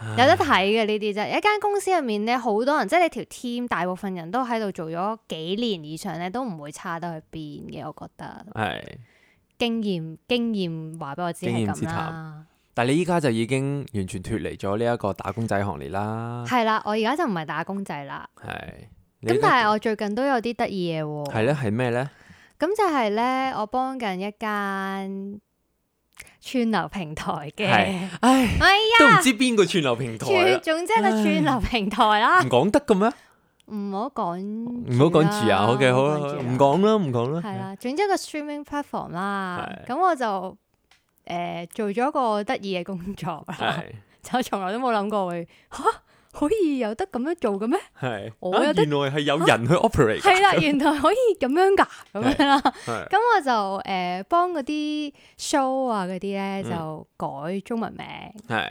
Speaker 1: 是有得睇嘅呢啲啫。一間公司入面呢，好多人，即係你條 team 大部分人都喺度做咗幾年以上呢，都唔會差得去邊嘅，我覺得。係。 經驗經驗話俾我知，經驗之談，係咁啦，
Speaker 2: 但係你依家就已經完全脫離咗呢一個打工仔行列啦。係
Speaker 1: 啦，我而家就唔係打工仔啦。
Speaker 2: 係，咁但係我
Speaker 1: 最近都有啲得意嘢。係咧，係咩咧？咁就係咧，我幫緊一間串流平台嘅。係，哎呀，都唔知
Speaker 2: 邊個串流平台啦。
Speaker 1: 總之係個串流平台啦。唔
Speaker 2: 講得嘅咩？
Speaker 1: 唔好講唔好講住啊，好嘅，
Speaker 2: 好啦，唔講啦，唔講啦。係
Speaker 1: 啦，總之個 streaming platform 啦，咁我就誒做咗一個得意嘅工作啦，就從來都冇諗過，吓可以有得咁樣做嘅咩？
Speaker 2: 係我原來係有人去 operate。係啦，原來
Speaker 1: 可以咁樣噶咁樣啦。咁我就誒幫嗰啲 show 啊嗰啲呢就改中文名。係。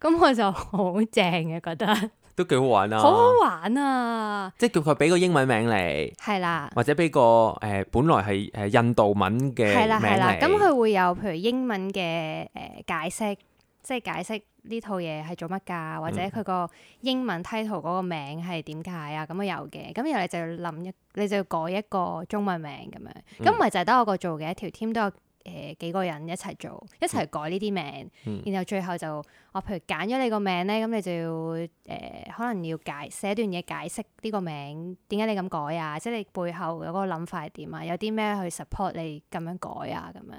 Speaker 1: 咁我就好正嘅覺得。
Speaker 2: 都幾好玩啊！好好
Speaker 1: 玩啊！
Speaker 2: 即係叫佢俾個英文名你，係啦，或者俾個誒、呃、本來係誒印度文嘅名嚟，係啦，係啦，咁佢
Speaker 1: 會有譬如英文嘅誒解釋，即係解釋呢套嘢係做乜噶，或者佢個英文 title 嗰個名係點解啊？咁啊、嗯、有嘅，咁然後你就要諗一，你就要改一個中文名咁樣，咁唔係就係得我個做嘅一條 team 都有。誒、呃，幾個人一齊做，一齊改呢啲名，嗯、然後最後就我譬如揀咗你個名咧，咁你就要誒、呃，可能要解寫段嘢解釋呢個名點解你咁改啊？即係你背後有嗰個諗法係點啊？有啲咩去 support 你咁樣改啊？咁樣，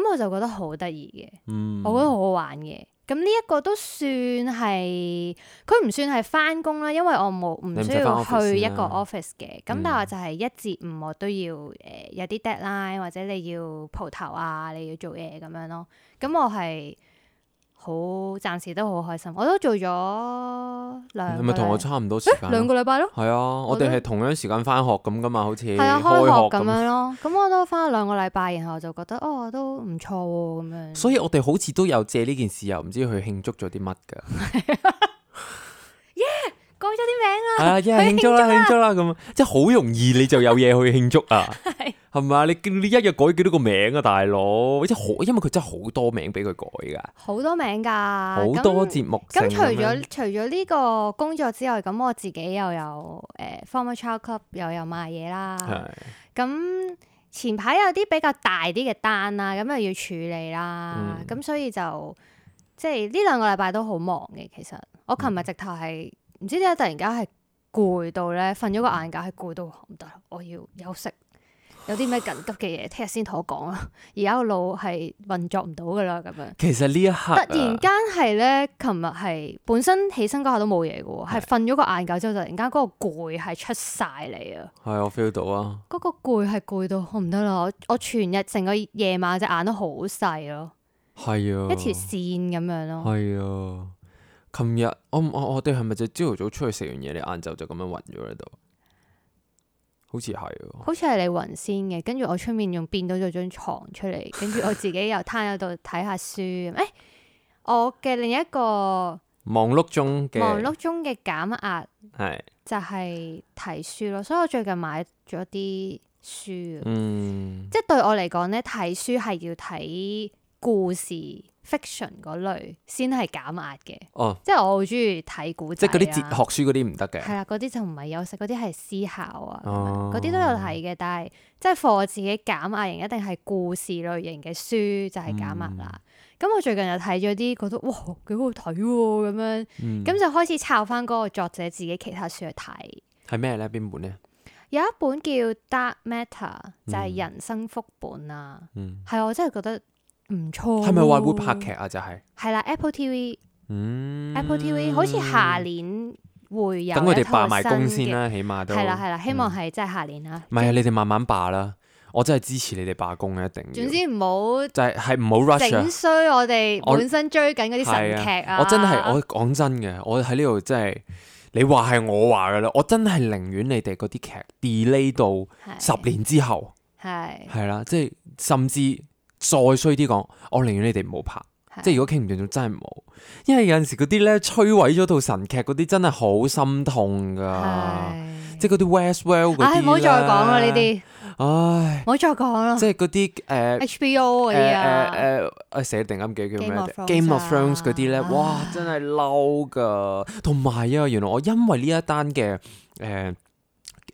Speaker 1: 咁我就覺得好得意嘅，嗯、我覺得好好玩嘅。咁呢一個都算係，佢唔算係返工啦，因為我冇唔需要去一個 office 嘅，咁但係就係一至五我都要誒、呃、有啲 deadline 或者你要蒲頭啊，你要做嘢咁樣咯，咁我係。好，暫時都好開心。我都做咗兩個禮，係咪同我差唔多時間？欸、兩個禮拜咯。係啊，我哋都係
Speaker 2: 同樣時間翻學咁噶嘛，好似係啊，開學咁樣
Speaker 1: 咯。咁 我都翻咗兩個禮拜，然後我就覺得哦，都唔錯喎咁樣。
Speaker 2: 所以我哋好似都有借呢件事，又唔知去慶祝咗啲乜㗎。
Speaker 1: yeah! 改咗啲名啊！係啊，一係慶祝啦，慶祝啦
Speaker 2: 咁，即係好容易你就有嘢去慶祝啊！係咪啊？你你一日改幾多個名啊，大佬？真係好，因為佢真係好多名俾佢改噶，
Speaker 1: 好多名㗎，好多節
Speaker 2: 目。咁除咗
Speaker 1: 除咗呢個工作之外，咁我自己又有誒 Former Child Club 又有賣嘢啦。
Speaker 2: 係。
Speaker 1: 咁前排有啲比較大啲嘅單啦，咁又要處理啦。咁所以就即係呢兩個禮拜都好忙嘅。其實我琴日直頭係。唔知點解突然間係攰到咧，瞓咗個晏覺係攰到唔得啦，我要休息。有啲咩緊急嘅嘢聽日先同我講啦。而家個腦係運作唔到噶啦，咁樣。
Speaker 2: 其實呢一刻、啊、突然
Speaker 1: 間係咧，琴日係本身起身嗰下都冇嘢嘅喎，係瞓咗個晏覺之後，突然間嗰個攰係出晒嚟啊！
Speaker 2: 係我 feel 到啊！
Speaker 1: 嗰個攰係攰到我唔得啦，我我全日成個夜晚隻眼都好細咯，
Speaker 2: 係啊，一條
Speaker 1: 線咁樣咯，
Speaker 2: 係啊。琴日、嗯、我我我哋係咪就朝頭早出去食完嘢，你晏晝就咁樣暈咗喺度？好似係、啊，
Speaker 1: 好似係你暈先嘅。跟住我出面用變到咗張床出嚟，跟住 我自己又攤喺度睇下書。誒、欸，我嘅另一個
Speaker 2: 忙碌中嘅忙碌
Speaker 1: 中嘅減壓係就係睇書咯。是所以我最近買咗啲書，嗯，即係對我嚟講咧，睇書係要睇故事。Fiction 嗰類先係減壓嘅，oh，即係我好中意睇古仔，即係嗰啲哲學
Speaker 2: 書嗰啲唔得嘅，係啦，
Speaker 1: 嗰啲就唔係休息，嗰啲係思考啊，嗰啲都有睇嘅，但係即係 for 我自己減壓型一定係故事類型嘅書就係減壓啦。咁、嗯、我最近又睇咗啲覺得哇幾好睇咁樣，咁就開始抄翻嗰個作者自己其他書去睇。
Speaker 2: 係咩咧？邊本咧？有
Speaker 1: 一本叫 Dark Matter 就係人生副本啊，係、嗯、我真係覺得。唔錯，係咪話會拍劇啊？就係係啦，Apple
Speaker 2: TV，Apple
Speaker 1: TV 好似下年會有、嗯。等佢哋罷埋工先啦，起碼都係啦係啦，希望係即係下年啦。
Speaker 2: 唔係啊，你哋慢慢罷啦，嗯、我真係支持你哋罷工嘅，一定。總之
Speaker 1: 唔好就係
Speaker 2: 係唔好 rush。整衰
Speaker 1: 我哋本身追緊嗰啲神劇啊！我真係我
Speaker 2: 講真嘅，我喺呢度真係你話係我話嘅啦。我真係寧願你哋嗰啲劇 delay 到十年之後，係係啦，即係甚至。甚至再衰啲講，我寧願你哋唔好拍，是的 即係如果傾唔完就真係唔好，因為有陣時嗰啲咧，摧毀咗套神劇嗰啲真係好心痛噶，是的 即係嗰啲 Westworld 啲。唉，唔好再講啦呢啲，唉，
Speaker 1: 唔好再講啦。即係嗰啲誒 HBO 嗰啲誒
Speaker 2: 誒誒，設、呃呃呃、定啱記叫咩 Game of Thrones 嗰啲咧，哇，真係嬲噶！同埋啊，原來我因為呢一單嘅誒。呃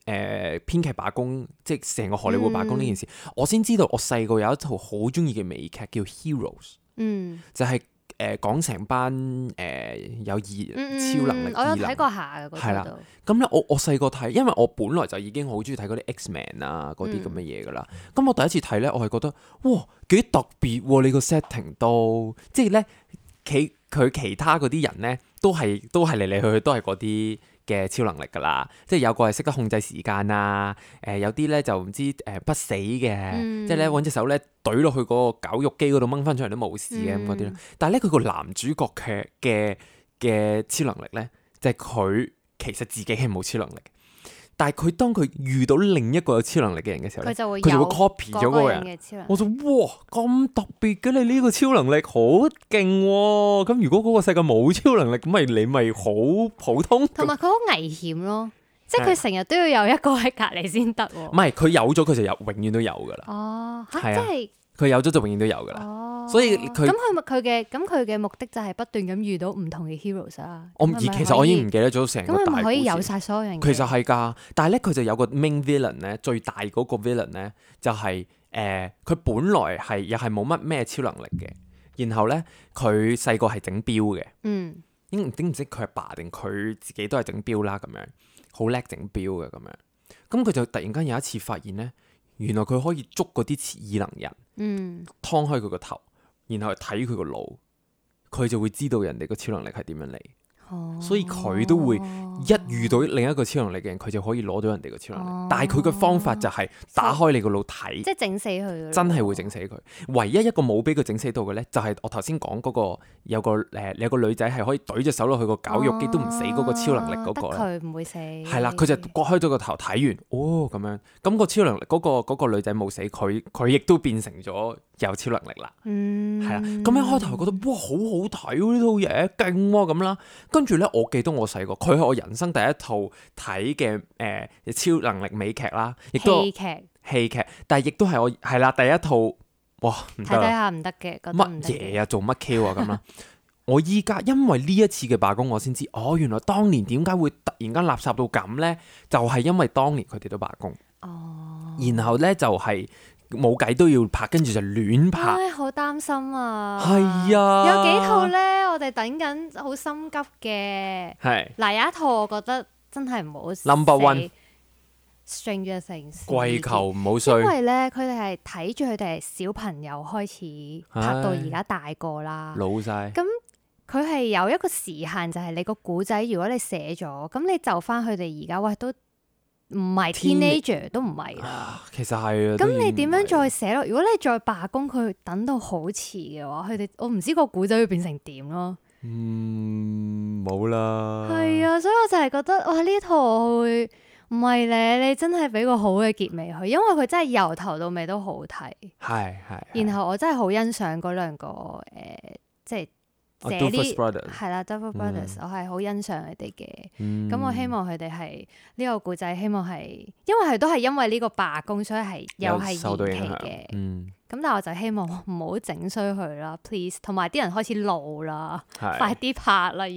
Speaker 2: 誒、呃、編劇罷工，即係成個荷里活罷工呢件事，嗯、我先知道。我細個有一套好中意嘅美劇叫《Heroes》，嗯，就係、是、誒、呃、講成班誒有二超能力，我有睇過下嘅，係啦。咁咧，我、那個啊、我細個睇，因為我本來就已經好中意睇嗰啲 X Man 啊，嗰啲咁嘅嘢噶啦。咁、嗯、我第一次睇咧，我係覺得哇幾特別喎、啊！你個 setting 都即係咧，其佢其他嗰啲人咧都係都係嚟嚟去去都係嗰啲。 嘅超能力噶啦，即係有個係識得控制時間啊，誒、呃、有啲咧就唔知誒、呃、不死嘅，嗯、即係咧揾隻手咧懟落去嗰個絞肉機嗰度掹翻出嚟都冇事嘅咁啲啦。嗯、但係咧佢個男主角劇嘅嘅超能力咧，就係、是、佢其實自己係冇超能力。但係佢當佢遇到另一個有超能力嘅人嘅時候，佢就會 copy 咗嗰個人，個人嘅超能力我就哇，咁特別嘅你呢個超能力好勁喎！咁如果嗰個世界冇超能力，咁咪你咪好普通。
Speaker 1: 同埋佢好危險咯，即係佢成日都要有一個喺隔籬先得。
Speaker 2: 唔係佢有咗，佢就有，永遠都有噶啦。哦，係啊，即係佢有咗就永遠都有噶啦。哦。所以佢咁
Speaker 1: 佢佢嘅咁佢嘅目的就係不斷咁遇到唔同嘅 heroes 啊。我而、嗯、其實我已經唔記得
Speaker 2: 咗成個大故事可以有
Speaker 1: 曬所有人。嗯嗯、其
Speaker 2: 實係㗎，但係咧佢就有個 main villain 咧，最大嗰個 villain 咧就係、是、誒，佢、呃、本來係又係冇乜咩超能力嘅。然後咧佢細個係整錶
Speaker 1: 嘅，
Speaker 2: 嗯，應點唔知佢阿爸定佢自己都係整錶啦，咁樣好叻整錶嘅咁樣。咁佢就突然間有一次發現咧，原來佢可以捉嗰啲異能人，嗯，劏開佢個頭。然後去睇佢個腦，佢就會知道人哋個超能力係點樣嚟，哦、所以佢都會一遇到另一個超能力嘅人，佢就可以攞到人哋個超能力，那個。但係佢嘅方法就係打開你個腦睇，即係
Speaker 1: 整死佢。真
Speaker 2: 係會整死佢。唯一一個冇俾佢整死到嘅呢，就係我頭先講嗰個有個誒有個女仔係可以懟隻手落去個絞肉機都唔死嗰個超能力嗰，那個佢
Speaker 1: 唔會死。係啦，佢
Speaker 2: 就割開咗個頭睇完，哦咁樣，咁個超能力嗰個個女仔冇死，佢佢亦都變成咗。有超能力啦，係啦，嗯，咁一開頭覺得哇好好睇呢套嘢，勁咁啦，跟住呢，我記得我細個，佢係我人生第一套睇嘅，誒超能力美劇啦，亦都戲劇，但係亦都係我係啦第一套，哇睇下唔
Speaker 1: 得嘅，乜嘢
Speaker 2: 啊？做乜 Q 啊咁啦，我依家因為呢一次嘅罷工，我先知，哦原來當年點解會突然間垃圾到咁呢？就係因為當年佢哋都罷工，哦，然後呢，然後就係。 冇計都要拍，跟住就亂拍。唉、哎，
Speaker 1: 好擔心啊！係啊呀，
Speaker 2: 有幾套咧，
Speaker 1: 我哋等緊，好心急嘅。係嗱是，有一套我覺得真係唔好事。Number one，Stranger Things，跪求唔好衰。anger 因為咧，佢哋係睇住佢哋係小朋友開始拍到而家大個啦，老晒。咁佢係有一個時限，就係你個古仔，如果你寫咗，咁你就翻佢哋而家，喂都。唔係 teenager 都唔係啦、啊，
Speaker 2: 其實係咁你點
Speaker 1: 樣再寫落？如果你再罷工，佢等到好遲嘅話，佢哋我唔知個古仔會變成點咯。嗯，
Speaker 2: 冇啦，係
Speaker 1: 啊，所以我就係覺得哇呢套會唔係咧？你真係俾個好嘅結尾佢，因為佢真係由頭到尾都好睇，
Speaker 2: 係係，然
Speaker 1: 後我真係好欣賞嗰兩個誒、呃，即係。寫啲係啦，Double Brothers、嗯嗯、我係好欣賞佢哋嘅，咁我希望佢哋係呢個故仔，希望係因為係都係因為呢個罷工，所以係又係延期嘅。咁、嗯、但係我就希望唔好整衰佢啦，please。同埋啲人開始老啦，是快啲拍啦要。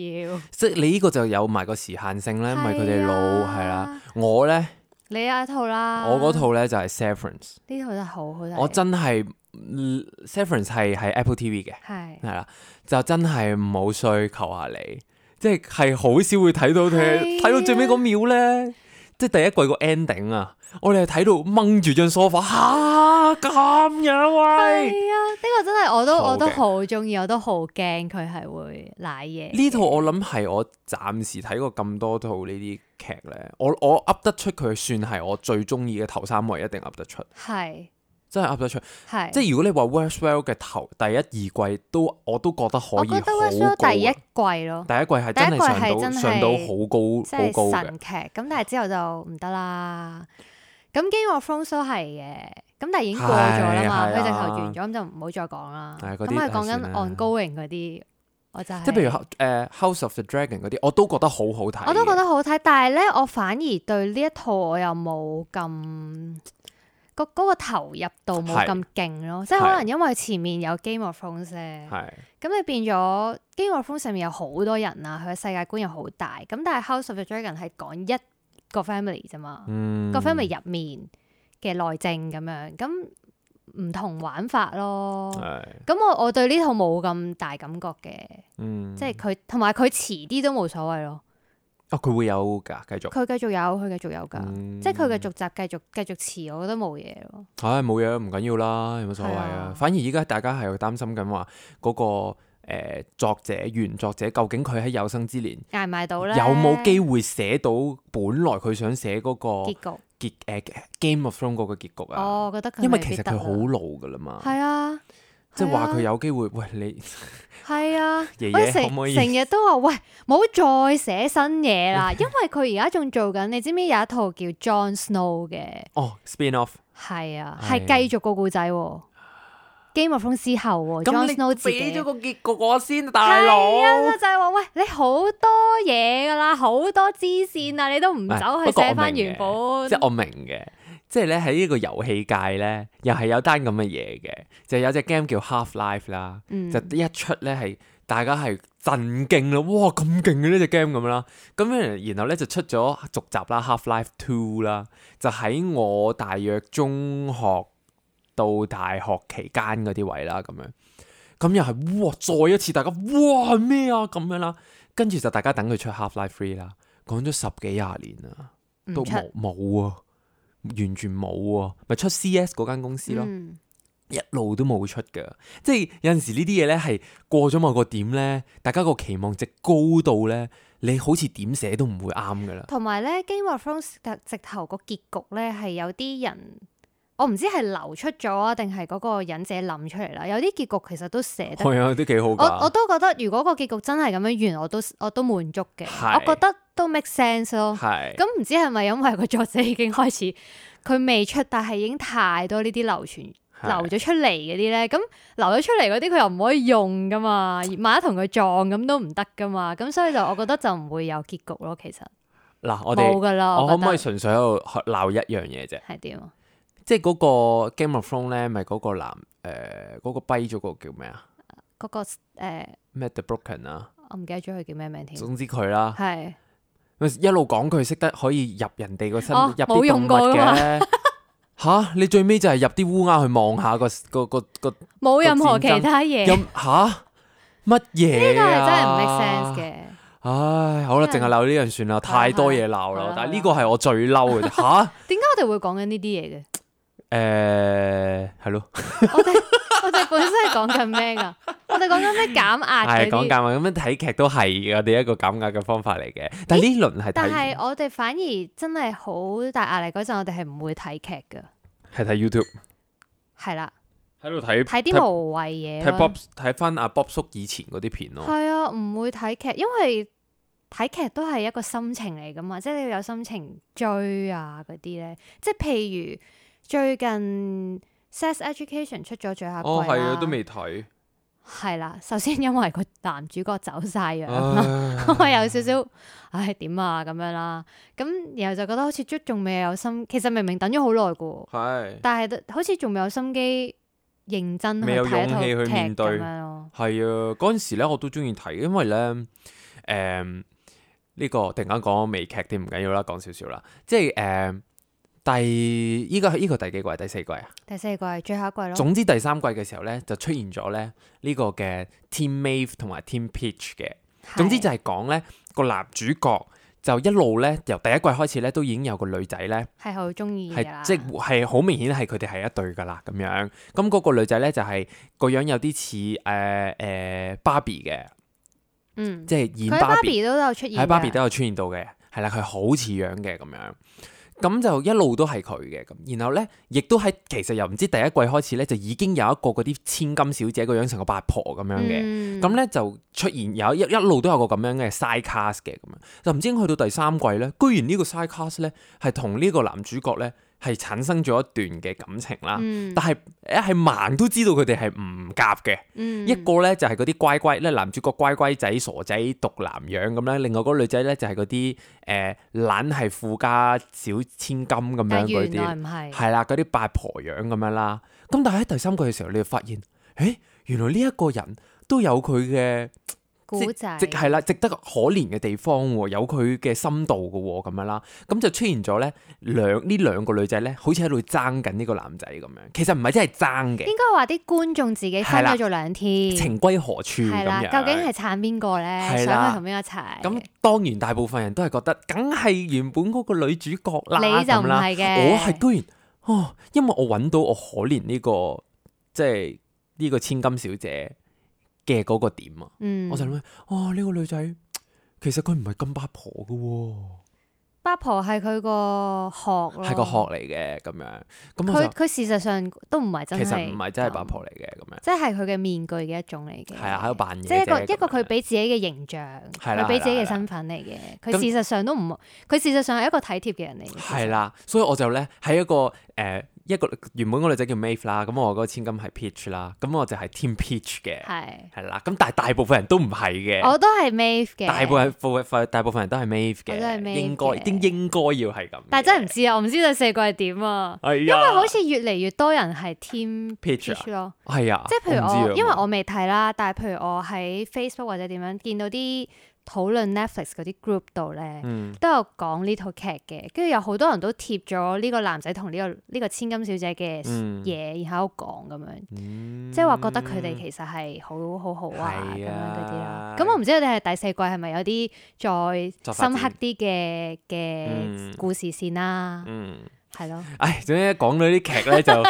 Speaker 1: 即
Speaker 2: 係你呢個就有埋個時限性咧，因為佢哋老係啦。我咧，
Speaker 1: 你有一套啦。我嗰套
Speaker 2: 咧就係 Severance，
Speaker 1: 呢套真係好好睇。我真
Speaker 2: 係。嗯，Severance 係喺 Apple TV 嘅，係係啦，就真係冇需求下你，即係係好少會睇到佢睇的到最尾個秒咧，即係第一季個 ending 啊，我哋係睇到掹住張梳化，吓咁樣喂，
Speaker 1: 係啊，呢、這個真係我都我都好中意，我都,我都好驚佢係會瀨嘢。呢
Speaker 2: 套我諗係我暫時睇過咁多套呢啲劇咧，我我噏得出佢算係我最中意嘅頭三位，一定噏得出，係。真係 up 咗出，
Speaker 1: 是即係如果
Speaker 2: 你話、well《Westworld》嘅頭第一二季都我都覺得可以好高，我覺得第一季咯，第一季係真係上到上到好高好高
Speaker 1: 嘅神劇，咁但係之後就唔得啦。咁《Game of Thrones》係嘅，咁但係已經過咗啦嘛，佢、啊、就完咗，咁就唔好再講啦。咁係講緊《On Going》嗰啲、啊，我就係、即係譬
Speaker 2: 如 House of the Dragon》嗰啲，我都覺得好好睇，我都
Speaker 1: 覺得好睇，但係咧我反而對呢一套我又冇咁。嗰嗰個投入度冇咁勁咯，是即係可能因為前面有 Game of Thrones，咁你是變咗 Game of Thrones 上面有好多人啊，佢嘅世界觀又好大，咁但係 House of the Dragon 係講一個 family 啫嘛，個、嗯、family 入面嘅內政咁樣，咁唔同玩法咯，咁是我我對呢套冇咁大感覺嘅，嗯、即係佢同埋佢遲啲都冇所謂咯。
Speaker 2: 啊！佢、哦、會有噶，繼續佢
Speaker 1: 繼續有，佢繼續有噶，嗯、即係佢嘅續集繼續繼續遲，我覺得冇嘢
Speaker 2: 咯。唉、哎，冇嘢唔緊要啦，有乜所謂啊？反而依家大家係會擔心緊話嗰個誒、呃、作者原作者究竟佢喺有生之年
Speaker 1: 捱到咧，有冇機
Speaker 2: 會寫到本來佢想寫嗰、那個結局結誒、呃、Game of Thrones 嗰個結局啊？哦，我
Speaker 1: 覺得，得因為其實佢
Speaker 2: 好老噶啦嘛。係啊。即係話佢有機會，喂你
Speaker 1: 係啊，成日都話喂，唔好不再寫新嘢啦，因為佢而家仲做緊。你知唔知有一套叫 John Snow 嘅？
Speaker 2: 哦，spin off
Speaker 1: 係啊，係繼續個故仔、啊啊、Game of Thrones 之後、啊嗯、，John Snow 自己寫咗
Speaker 2: 個結局我先、啊。大佬、啊、就係、是、話喂，你
Speaker 1: 好多嘢噶啦，好多支線啊，你都唔走去寫翻原本。即係我
Speaker 2: 明嘅。即係咧，喺呢個遊戲界咧，又係有單咁嘅嘢嘅，就係、有隻 game 叫 Half Life 啦，嗯、就一出咧係大家係震驚啦，哇咁勁嘅呢隻 game 咁啦，咁、啊這個、然後咧就出咗續集啦，Half Life Two 啦，就喺我大約中學到大學期間嗰啲位啦，咁樣，咁又係哇再一次大家哇咩啊咁樣啦，跟住就大家等佢出 Half Life Three 啦，講咗十幾廿年啊，
Speaker 1: 都冇
Speaker 2: 冇啊。完全冇喎、啊，咪、就是、出 C.S 嗰間公司咯，嗯、一路都冇出嘅，即係有陣時呢啲嘢咧係過咗某個點咧，大家個期望值高到咧，你好似點寫都唔會啱嘅啦。
Speaker 1: 同埋咧，《Game of Thrones》直頭個結局咧係有啲人。我唔知係流出咗啊，定係嗰個忍者諗出嚟啦。有啲結局其實都寫得，都幾、嗯、好我我都覺得，如果個結局真係咁樣完，我都我都滿足嘅。是我覺得都 make sense 咯。咁唔是知係咪因為個作者已經開始，佢未出，但係已經太多傳是呢啲流傳流咗出嚟嗰啲咧。咁流咗出嚟嗰啲，佢又唔可以用噶嘛？萬一同佢撞咁都唔得噶嘛？咁所以就我覺得就唔會有結局咯。其實
Speaker 2: 嗱，我冇噶啦。我，我可唔可以純粹喺度鬧一樣嘢啫？係點？即係嗰個 Game of Thrones 咧，咪嗰個男誒，嗰個跛咗個叫咩啊？
Speaker 1: 嗰個誒
Speaker 2: ，Mad the Broken 啊？
Speaker 1: 我唔記得咗佢叫咩
Speaker 2: 名添。總之佢啦，係咪一路講佢識得可以入人哋個身入啲動物嘅？吓，你最尾就係入啲烏鴉去望下個個個
Speaker 1: 冇任何其他嘢。
Speaker 2: 吓，乜嘢？呢個係真係唔 make sense 嘅。唉，好啦，淨係鬧呢樣算啦，太多嘢鬧啦。但係呢個係我最嬲嘅，吓？
Speaker 1: 點解我哋會講緊呢啲嘢嘅？
Speaker 2: 誒，係咯，uh。 我
Speaker 1: 哋我哋本身係講緊咩噶？我哋講緊咩減壓？係講減壓
Speaker 2: 咁樣，睇劇都係我哋一個減壓嘅方法嚟嘅。但係呢輪係，但係
Speaker 1: 我哋反而真係好大壓力嗰陣，我哋係唔會睇劇噶
Speaker 2: 係睇 YouTube。
Speaker 1: 係啦
Speaker 2: 啊，喺度睇睇啲無
Speaker 1: 謂嘢。睇 Bob
Speaker 2: 睇翻阿 Bob 叔以前嗰啲片咯。係
Speaker 1: 啊，唔會睇劇，因為睇劇都係一個心情嚟噶嘛即係你要有心情追啊嗰啲咧，即係譬如。最近《Sex Education》出咗最後季啦，哦係啊，都未睇。係啦，首先因為個男主角走晒樣啦，我有少少，唉， 點、點、哎、啊咁樣啦，咁然後就覺得好似仲未有心，其實明明等咗的好耐噶，係，但係好似仲未有心機認真，未有勇氣去面對。
Speaker 2: 係啊，嗰陣時咧我都中意睇，因為咧，誒、嗯、呢、呢個突然間講美劇啲唔緊要啦，講少少啦，即係誒。嗯第依、這個依、這個第幾季？第四季啊！
Speaker 1: 第四季最後一季咯。總之
Speaker 2: 第三季嘅時候咧，就出現咗咧呢、這個嘅 Team Maeve 同埋 Team Peach 嘅。總之就係講咧個男主角就一路咧由第一季開始咧都已經有個女仔咧
Speaker 1: 係好中意，係
Speaker 2: 即係好明顯係佢哋係一對噶啦咁樣。咁嗰個女仔咧就係個樣有啲似誒誒芭比嘅，嗯，
Speaker 1: 即係演芭比都有出現，喺芭比都
Speaker 2: 有出現到嘅，係啦，佢好似樣嘅咁樣。咁就一路都係佢嘅，咁然後呢，亦都喺其實又唔知第一季開始呢，就已經有一個嗰啲千金小姐個樣成個八婆咁樣嘅，咁呢、嗯，就出現有一一路都有個咁樣嘅 side cast 嘅，咁樣就唔知去到第三季呢，居然呢個 side cast 呢係同呢個男主角呢。係產生咗一段嘅感情啦，嗯、但係一係盲都知道佢哋係唔夾嘅。嗯、一個咧就係嗰啲乖乖咧，男主角乖乖仔、傻仔、毒男樣咁咧；另外嗰個女仔咧就係嗰啲誒懶係富家小千金咁樣嗰啲。係啦，嗰啲、啊、八婆樣咁樣啦。咁但係喺第三季嘅時候，你就發現，誒、欸、原來呢一個人都有佢嘅。故值係啦，值得可憐嘅地方有佢嘅深度嘅喎，咁樣啦，咁就出現咗咧，兩呢兩個女仔咧，好似喺度爭緊呢個男仔咁樣。其實唔係真係爭嘅。應
Speaker 1: 該話啲觀眾自己分咗做兩天。情
Speaker 2: 歸何處？咁的樣究竟
Speaker 1: 係撐邊個咧？的想佢同邊個一齊？
Speaker 2: 咁當然大部分人都係覺得，梗係原本嗰個女主角啦。你就唔係嘅。我係居然哦，因為我揾到我可憐呢、這個，即係呢、這個這個這個千金，金，金，金小姐。嘅嗰個點啊，嗯、我就諗，哇、哦，呢、這個女仔其實佢唔係咁八婆噶、哦，
Speaker 1: 八婆係佢個殼咯，係個殼
Speaker 2: 嚟嘅咁樣。咁佢佢
Speaker 1: 事實上都唔係真，其實
Speaker 2: 唔係真係八婆嚟嘅，咁樣
Speaker 1: 即係佢嘅面具嘅一種嚟嘅，
Speaker 2: 係啊，喺度扮嘢。即係一個一個
Speaker 1: 佢俾自己嘅形象，
Speaker 2: 係俾自己嘅
Speaker 1: 身份嚟嘅。佢事實上都唔，佢事實上係一個體貼嘅人嚟
Speaker 2: 嘅。係啦，所以我就咧喺一個誒。一個原本個女仔叫 Maeve 是啦，咁我嗰個千金係 Pitch 啦，咁我就係 Team Pitch 嘅，係係啦，咁但係大部分人都唔係嘅，我
Speaker 1: 都係 Maeve 嘅，大
Speaker 2: 部分大部分人都係 Maeve 嘅，應該該的應該應該要係咁，
Speaker 1: 但係真係唔知，知啊，我唔知道四個係點啊，啊，
Speaker 2: 因為好
Speaker 1: 似越嚟越多人係 Team Pitch、啊、咯，係啊、
Speaker 2: 哎呀，即係譬如我，我有有因為我
Speaker 1: 未睇啦，但係譬如我喺 Facebook 或者點樣見到啲。討論 Netflix 嗰啲 group 度咧，都有講呢套劇嘅，跟住有好多人都貼咗呢個男仔同呢個呢、呢個千金小姐嘅嘢，然後喺度講咁樣，即係話覺得佢哋其實係好好好啊咁樣啲啦。咁我唔知佢哋第四季係咪有啲再深刻啲嘅嘅故事線啦？
Speaker 2: 嗯，係咯的。唉、哎，總之講到啲劇咧 就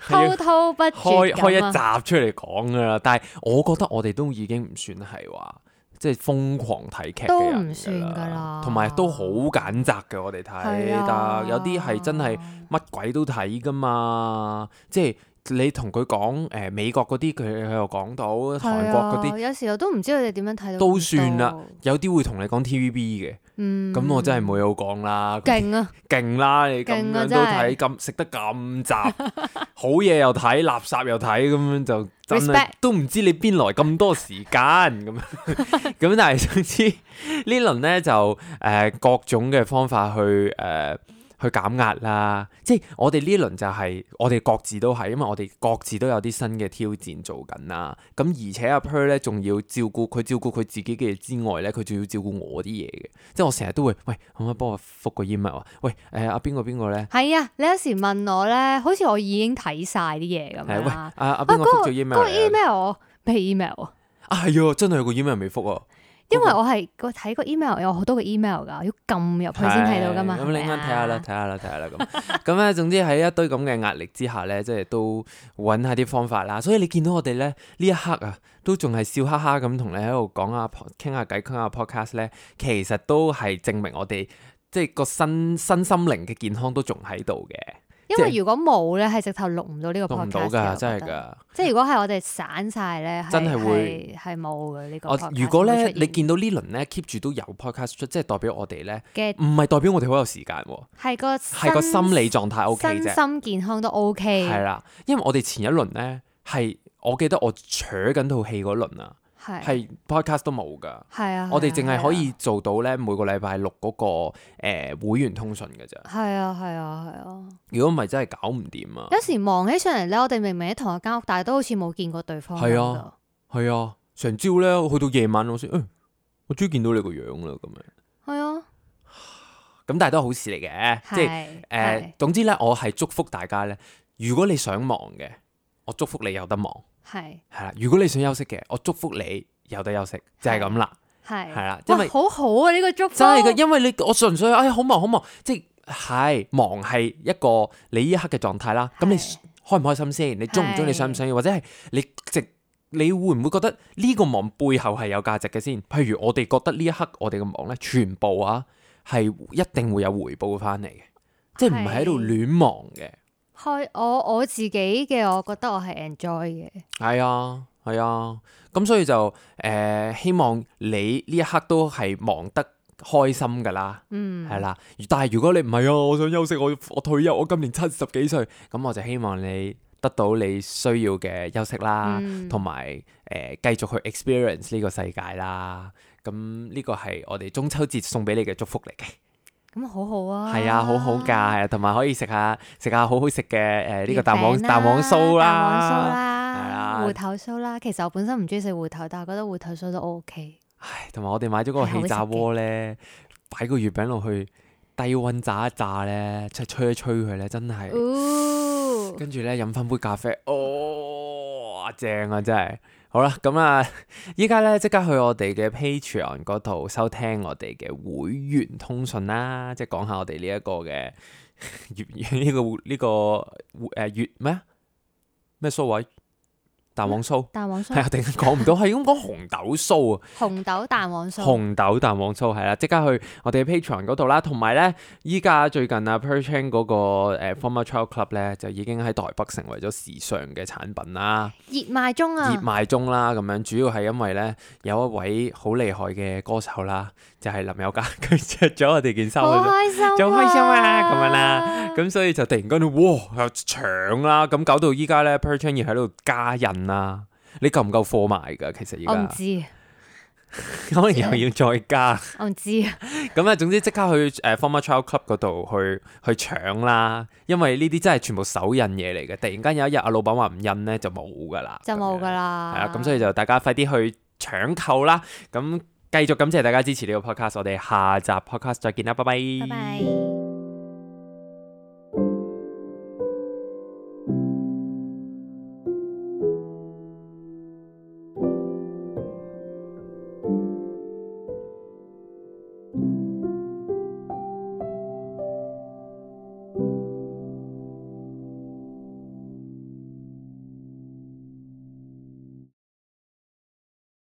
Speaker 2: 滔滔不絕咁開一集出嚟講噶啦。但係我覺得我哋都已經唔算係話，即係瘋狂睇劇嘅人同埋都好揀擇嘅。我哋睇，啊、但係有啲係真係乜鬼都睇噶嘛。啊、即係你同佢講誒美國嗰啲，佢又講到、啊、韓國嗰啲。
Speaker 1: 有時我都唔知佢哋點樣睇到。都算
Speaker 2: 啦，有啲會同你講 TVB 嘅。嗯，咁我真係冇嘢好講啦，勁啊，勁啦，你咁樣都睇咁食得咁雜， 好嘢又睇，垃圾又睇，咁樣就真係都唔知你邊來咁多時間咁樣，咁 但係總之呢輪呢，就誒、呃、各種嘅方法去誒。呃去減壓啦，即係我哋呢輪就係、是、我哋各自都係，因為我哋各自都有啲新嘅挑戰做緊啦。咁而且阿 Per 咧仲要照顧佢照顧佢自己嘅嘢之外咧，佢仲要照顧我啲嘢嘅。即係我成日都會，喂可唔可以幫我覆個 email 啊？」呃「喂誒阿邊個邊個咧？
Speaker 1: 係啊，你有時問我咧，好似我已經睇晒啲嘢咁樣啊。
Speaker 2: 阿啊邊、啊啊嗰個覆咗 email？嗰個
Speaker 1: email 未 email？
Speaker 2: 啊係 em em、哎、真係有個 email 未覆啊！
Speaker 1: 因為我係個睇個 email 有好多個 email 㗎，要撳入去先睇到㗎嘛。咁你啱睇下啦，
Speaker 2: 睇下啦，睇下啦。咁咁咧， 看看看看，總之喺一堆咁嘅壓力之下咧，即係都揾下啲方法啦。所以你見到我哋咧，呢一刻啊，都仲係笑哈哈咁同你喺度講下 p 傾下偈，傾下 podcast 咧，其實都係證明我哋即係個身身心靈嘅健康都仲喺度嘅。
Speaker 1: 因為如果冇咧，係直頭錄唔到呢個 podcast, 錄到。錄唔到噶，
Speaker 2: 真係噶。
Speaker 1: 即係如果係我哋散晒咧，真係會係冇嘅呢個。我如果咧，你見
Speaker 2: 到輪呢輪咧 keep 住都有 podcast 出，即係代表我哋咧唔係代表我哋好有時間喎。
Speaker 1: 係個係個心理
Speaker 2: 狀態 O K 啫，身心
Speaker 1: 健康都 OK。係啦，
Speaker 2: 因為我哋前一輪咧係，我記得我扯緊套戲嗰輪啊。係 Podcast 都冇噶，啊啊、我哋淨係可以做到咧，每個禮拜六嗰個誒、呃、會員通訊噶咋。
Speaker 1: 係啊，係
Speaker 2: 啊，係啊。如果唔係，真係搞唔掂啊！有
Speaker 1: 時忙起上嚟咧，我哋明明喺同一間屋，但係都好似冇見過對方。係啊，
Speaker 2: 係啊。成朝咧去到夜晚，我先，嗯、欸，我終於見到你個樣啦，咁樣。係啊。咁但係都係好事嚟嘅，是即係誒，呃、是總之咧，我係祝福大家咧。如果你想忙嘅，我祝福你有得忙。係係啦，如果你想休息嘅，我祝福你有得休息，就係咁啦。係係啦，因為，哇，好好啊！呢個祝福真係嘅，因為你我純粹，哎，好忙好忙，即係忙係一個你呢一刻嘅狀態啦。咁你開唔開心先？你中唔中意？想唔想要？或者係你直，你會唔會覺得呢個忙背後係有價值嘅先？譬如我哋覺得呢一刻我哋嘅忙呢，全部啊係一定會有回報翻嚟嘅，即係唔係喺度亂忙嘅。
Speaker 1: 開我我自己嘅，我覺得我係 enjoy
Speaker 2: 嘅。係啊，係啊，咁所以就誒、呃，希望你呢一刻都係忙得開心噶啦，係、嗯、啦。但係如果你唔係啊，我想休息，我我退休，我今年七十幾歲，咁我就希望你得到你需要嘅休息啦，同埋誒繼續去 experience 呢個世界啦。咁呢個係我哋中秋節送俾你嘅祝福嚟嘅。
Speaker 1: 咁好好啊！係啊，
Speaker 2: 好好噶，係啊，同埋可以食下食下好好食嘅誒，呢、呃這個蛋黃、啊、蛋黃酥啦、啊，蛋黃酥啦、啊，芋
Speaker 1: 頭、啊、酥啦、啊。其實我本身唔中意食芋頭，但係覺得芋頭酥都 O、OK、K。唉，
Speaker 2: 同埋我哋買咗個氣炸鍋咧，擺個月餅落去低溫炸一炸咧，吹一吹佢咧，真係。哦、跟住咧，飲翻杯咖啡，哦，正啊，真係。好啦，咁啊，依家咧即刻去我哋嘅 Patreon 度收聽我哋嘅會員通訊啦，即係講下我哋呢一個嘅月呢個呢個，誒、這個、月咩咩縮位蛋黃酥，蛋黃酥係啊，定係講唔到，係咁講紅豆酥
Speaker 1: 啊，紅豆蛋黃酥， 紅
Speaker 2: 豆蛋黃酥係啦，即 刻去我哋嘅 Patreon 嗰度啦，同埋咧依家最近啊 Perchan 嗰個誒 Former Child Club 咧就已經喺台北成為咗時尚嘅產品啦，
Speaker 1: 熱賣中啊，熱
Speaker 2: 賣中啦咁樣，主要係因為咧有一位好厲害嘅歌手啦。就係林友嘉，佢着咗我哋件衫，就開心啊，咁、啊、樣啦，咁所以就突然間，哇，又搶啦，咁搞到依家咧，Perchan 要喺度加印啦，你夠唔夠貨賣噶？其實而家我唔知， 可能又要再加， 我唔知啊。咁咧，總之即刻去誒，Former Child Club 嗰度去去搶啦，因為呢啲真係全部手印嘢嚟嘅，突然間有一日阿老板話唔印咧，就冇噶啦，
Speaker 1: 就冇噶啦。係啊，咁所以
Speaker 2: 就大家快啲去搶購啦，咁。繼續感謝大家支持呢個 podcast，我哋下集 podcast 再見啦，拜拜。拜拜。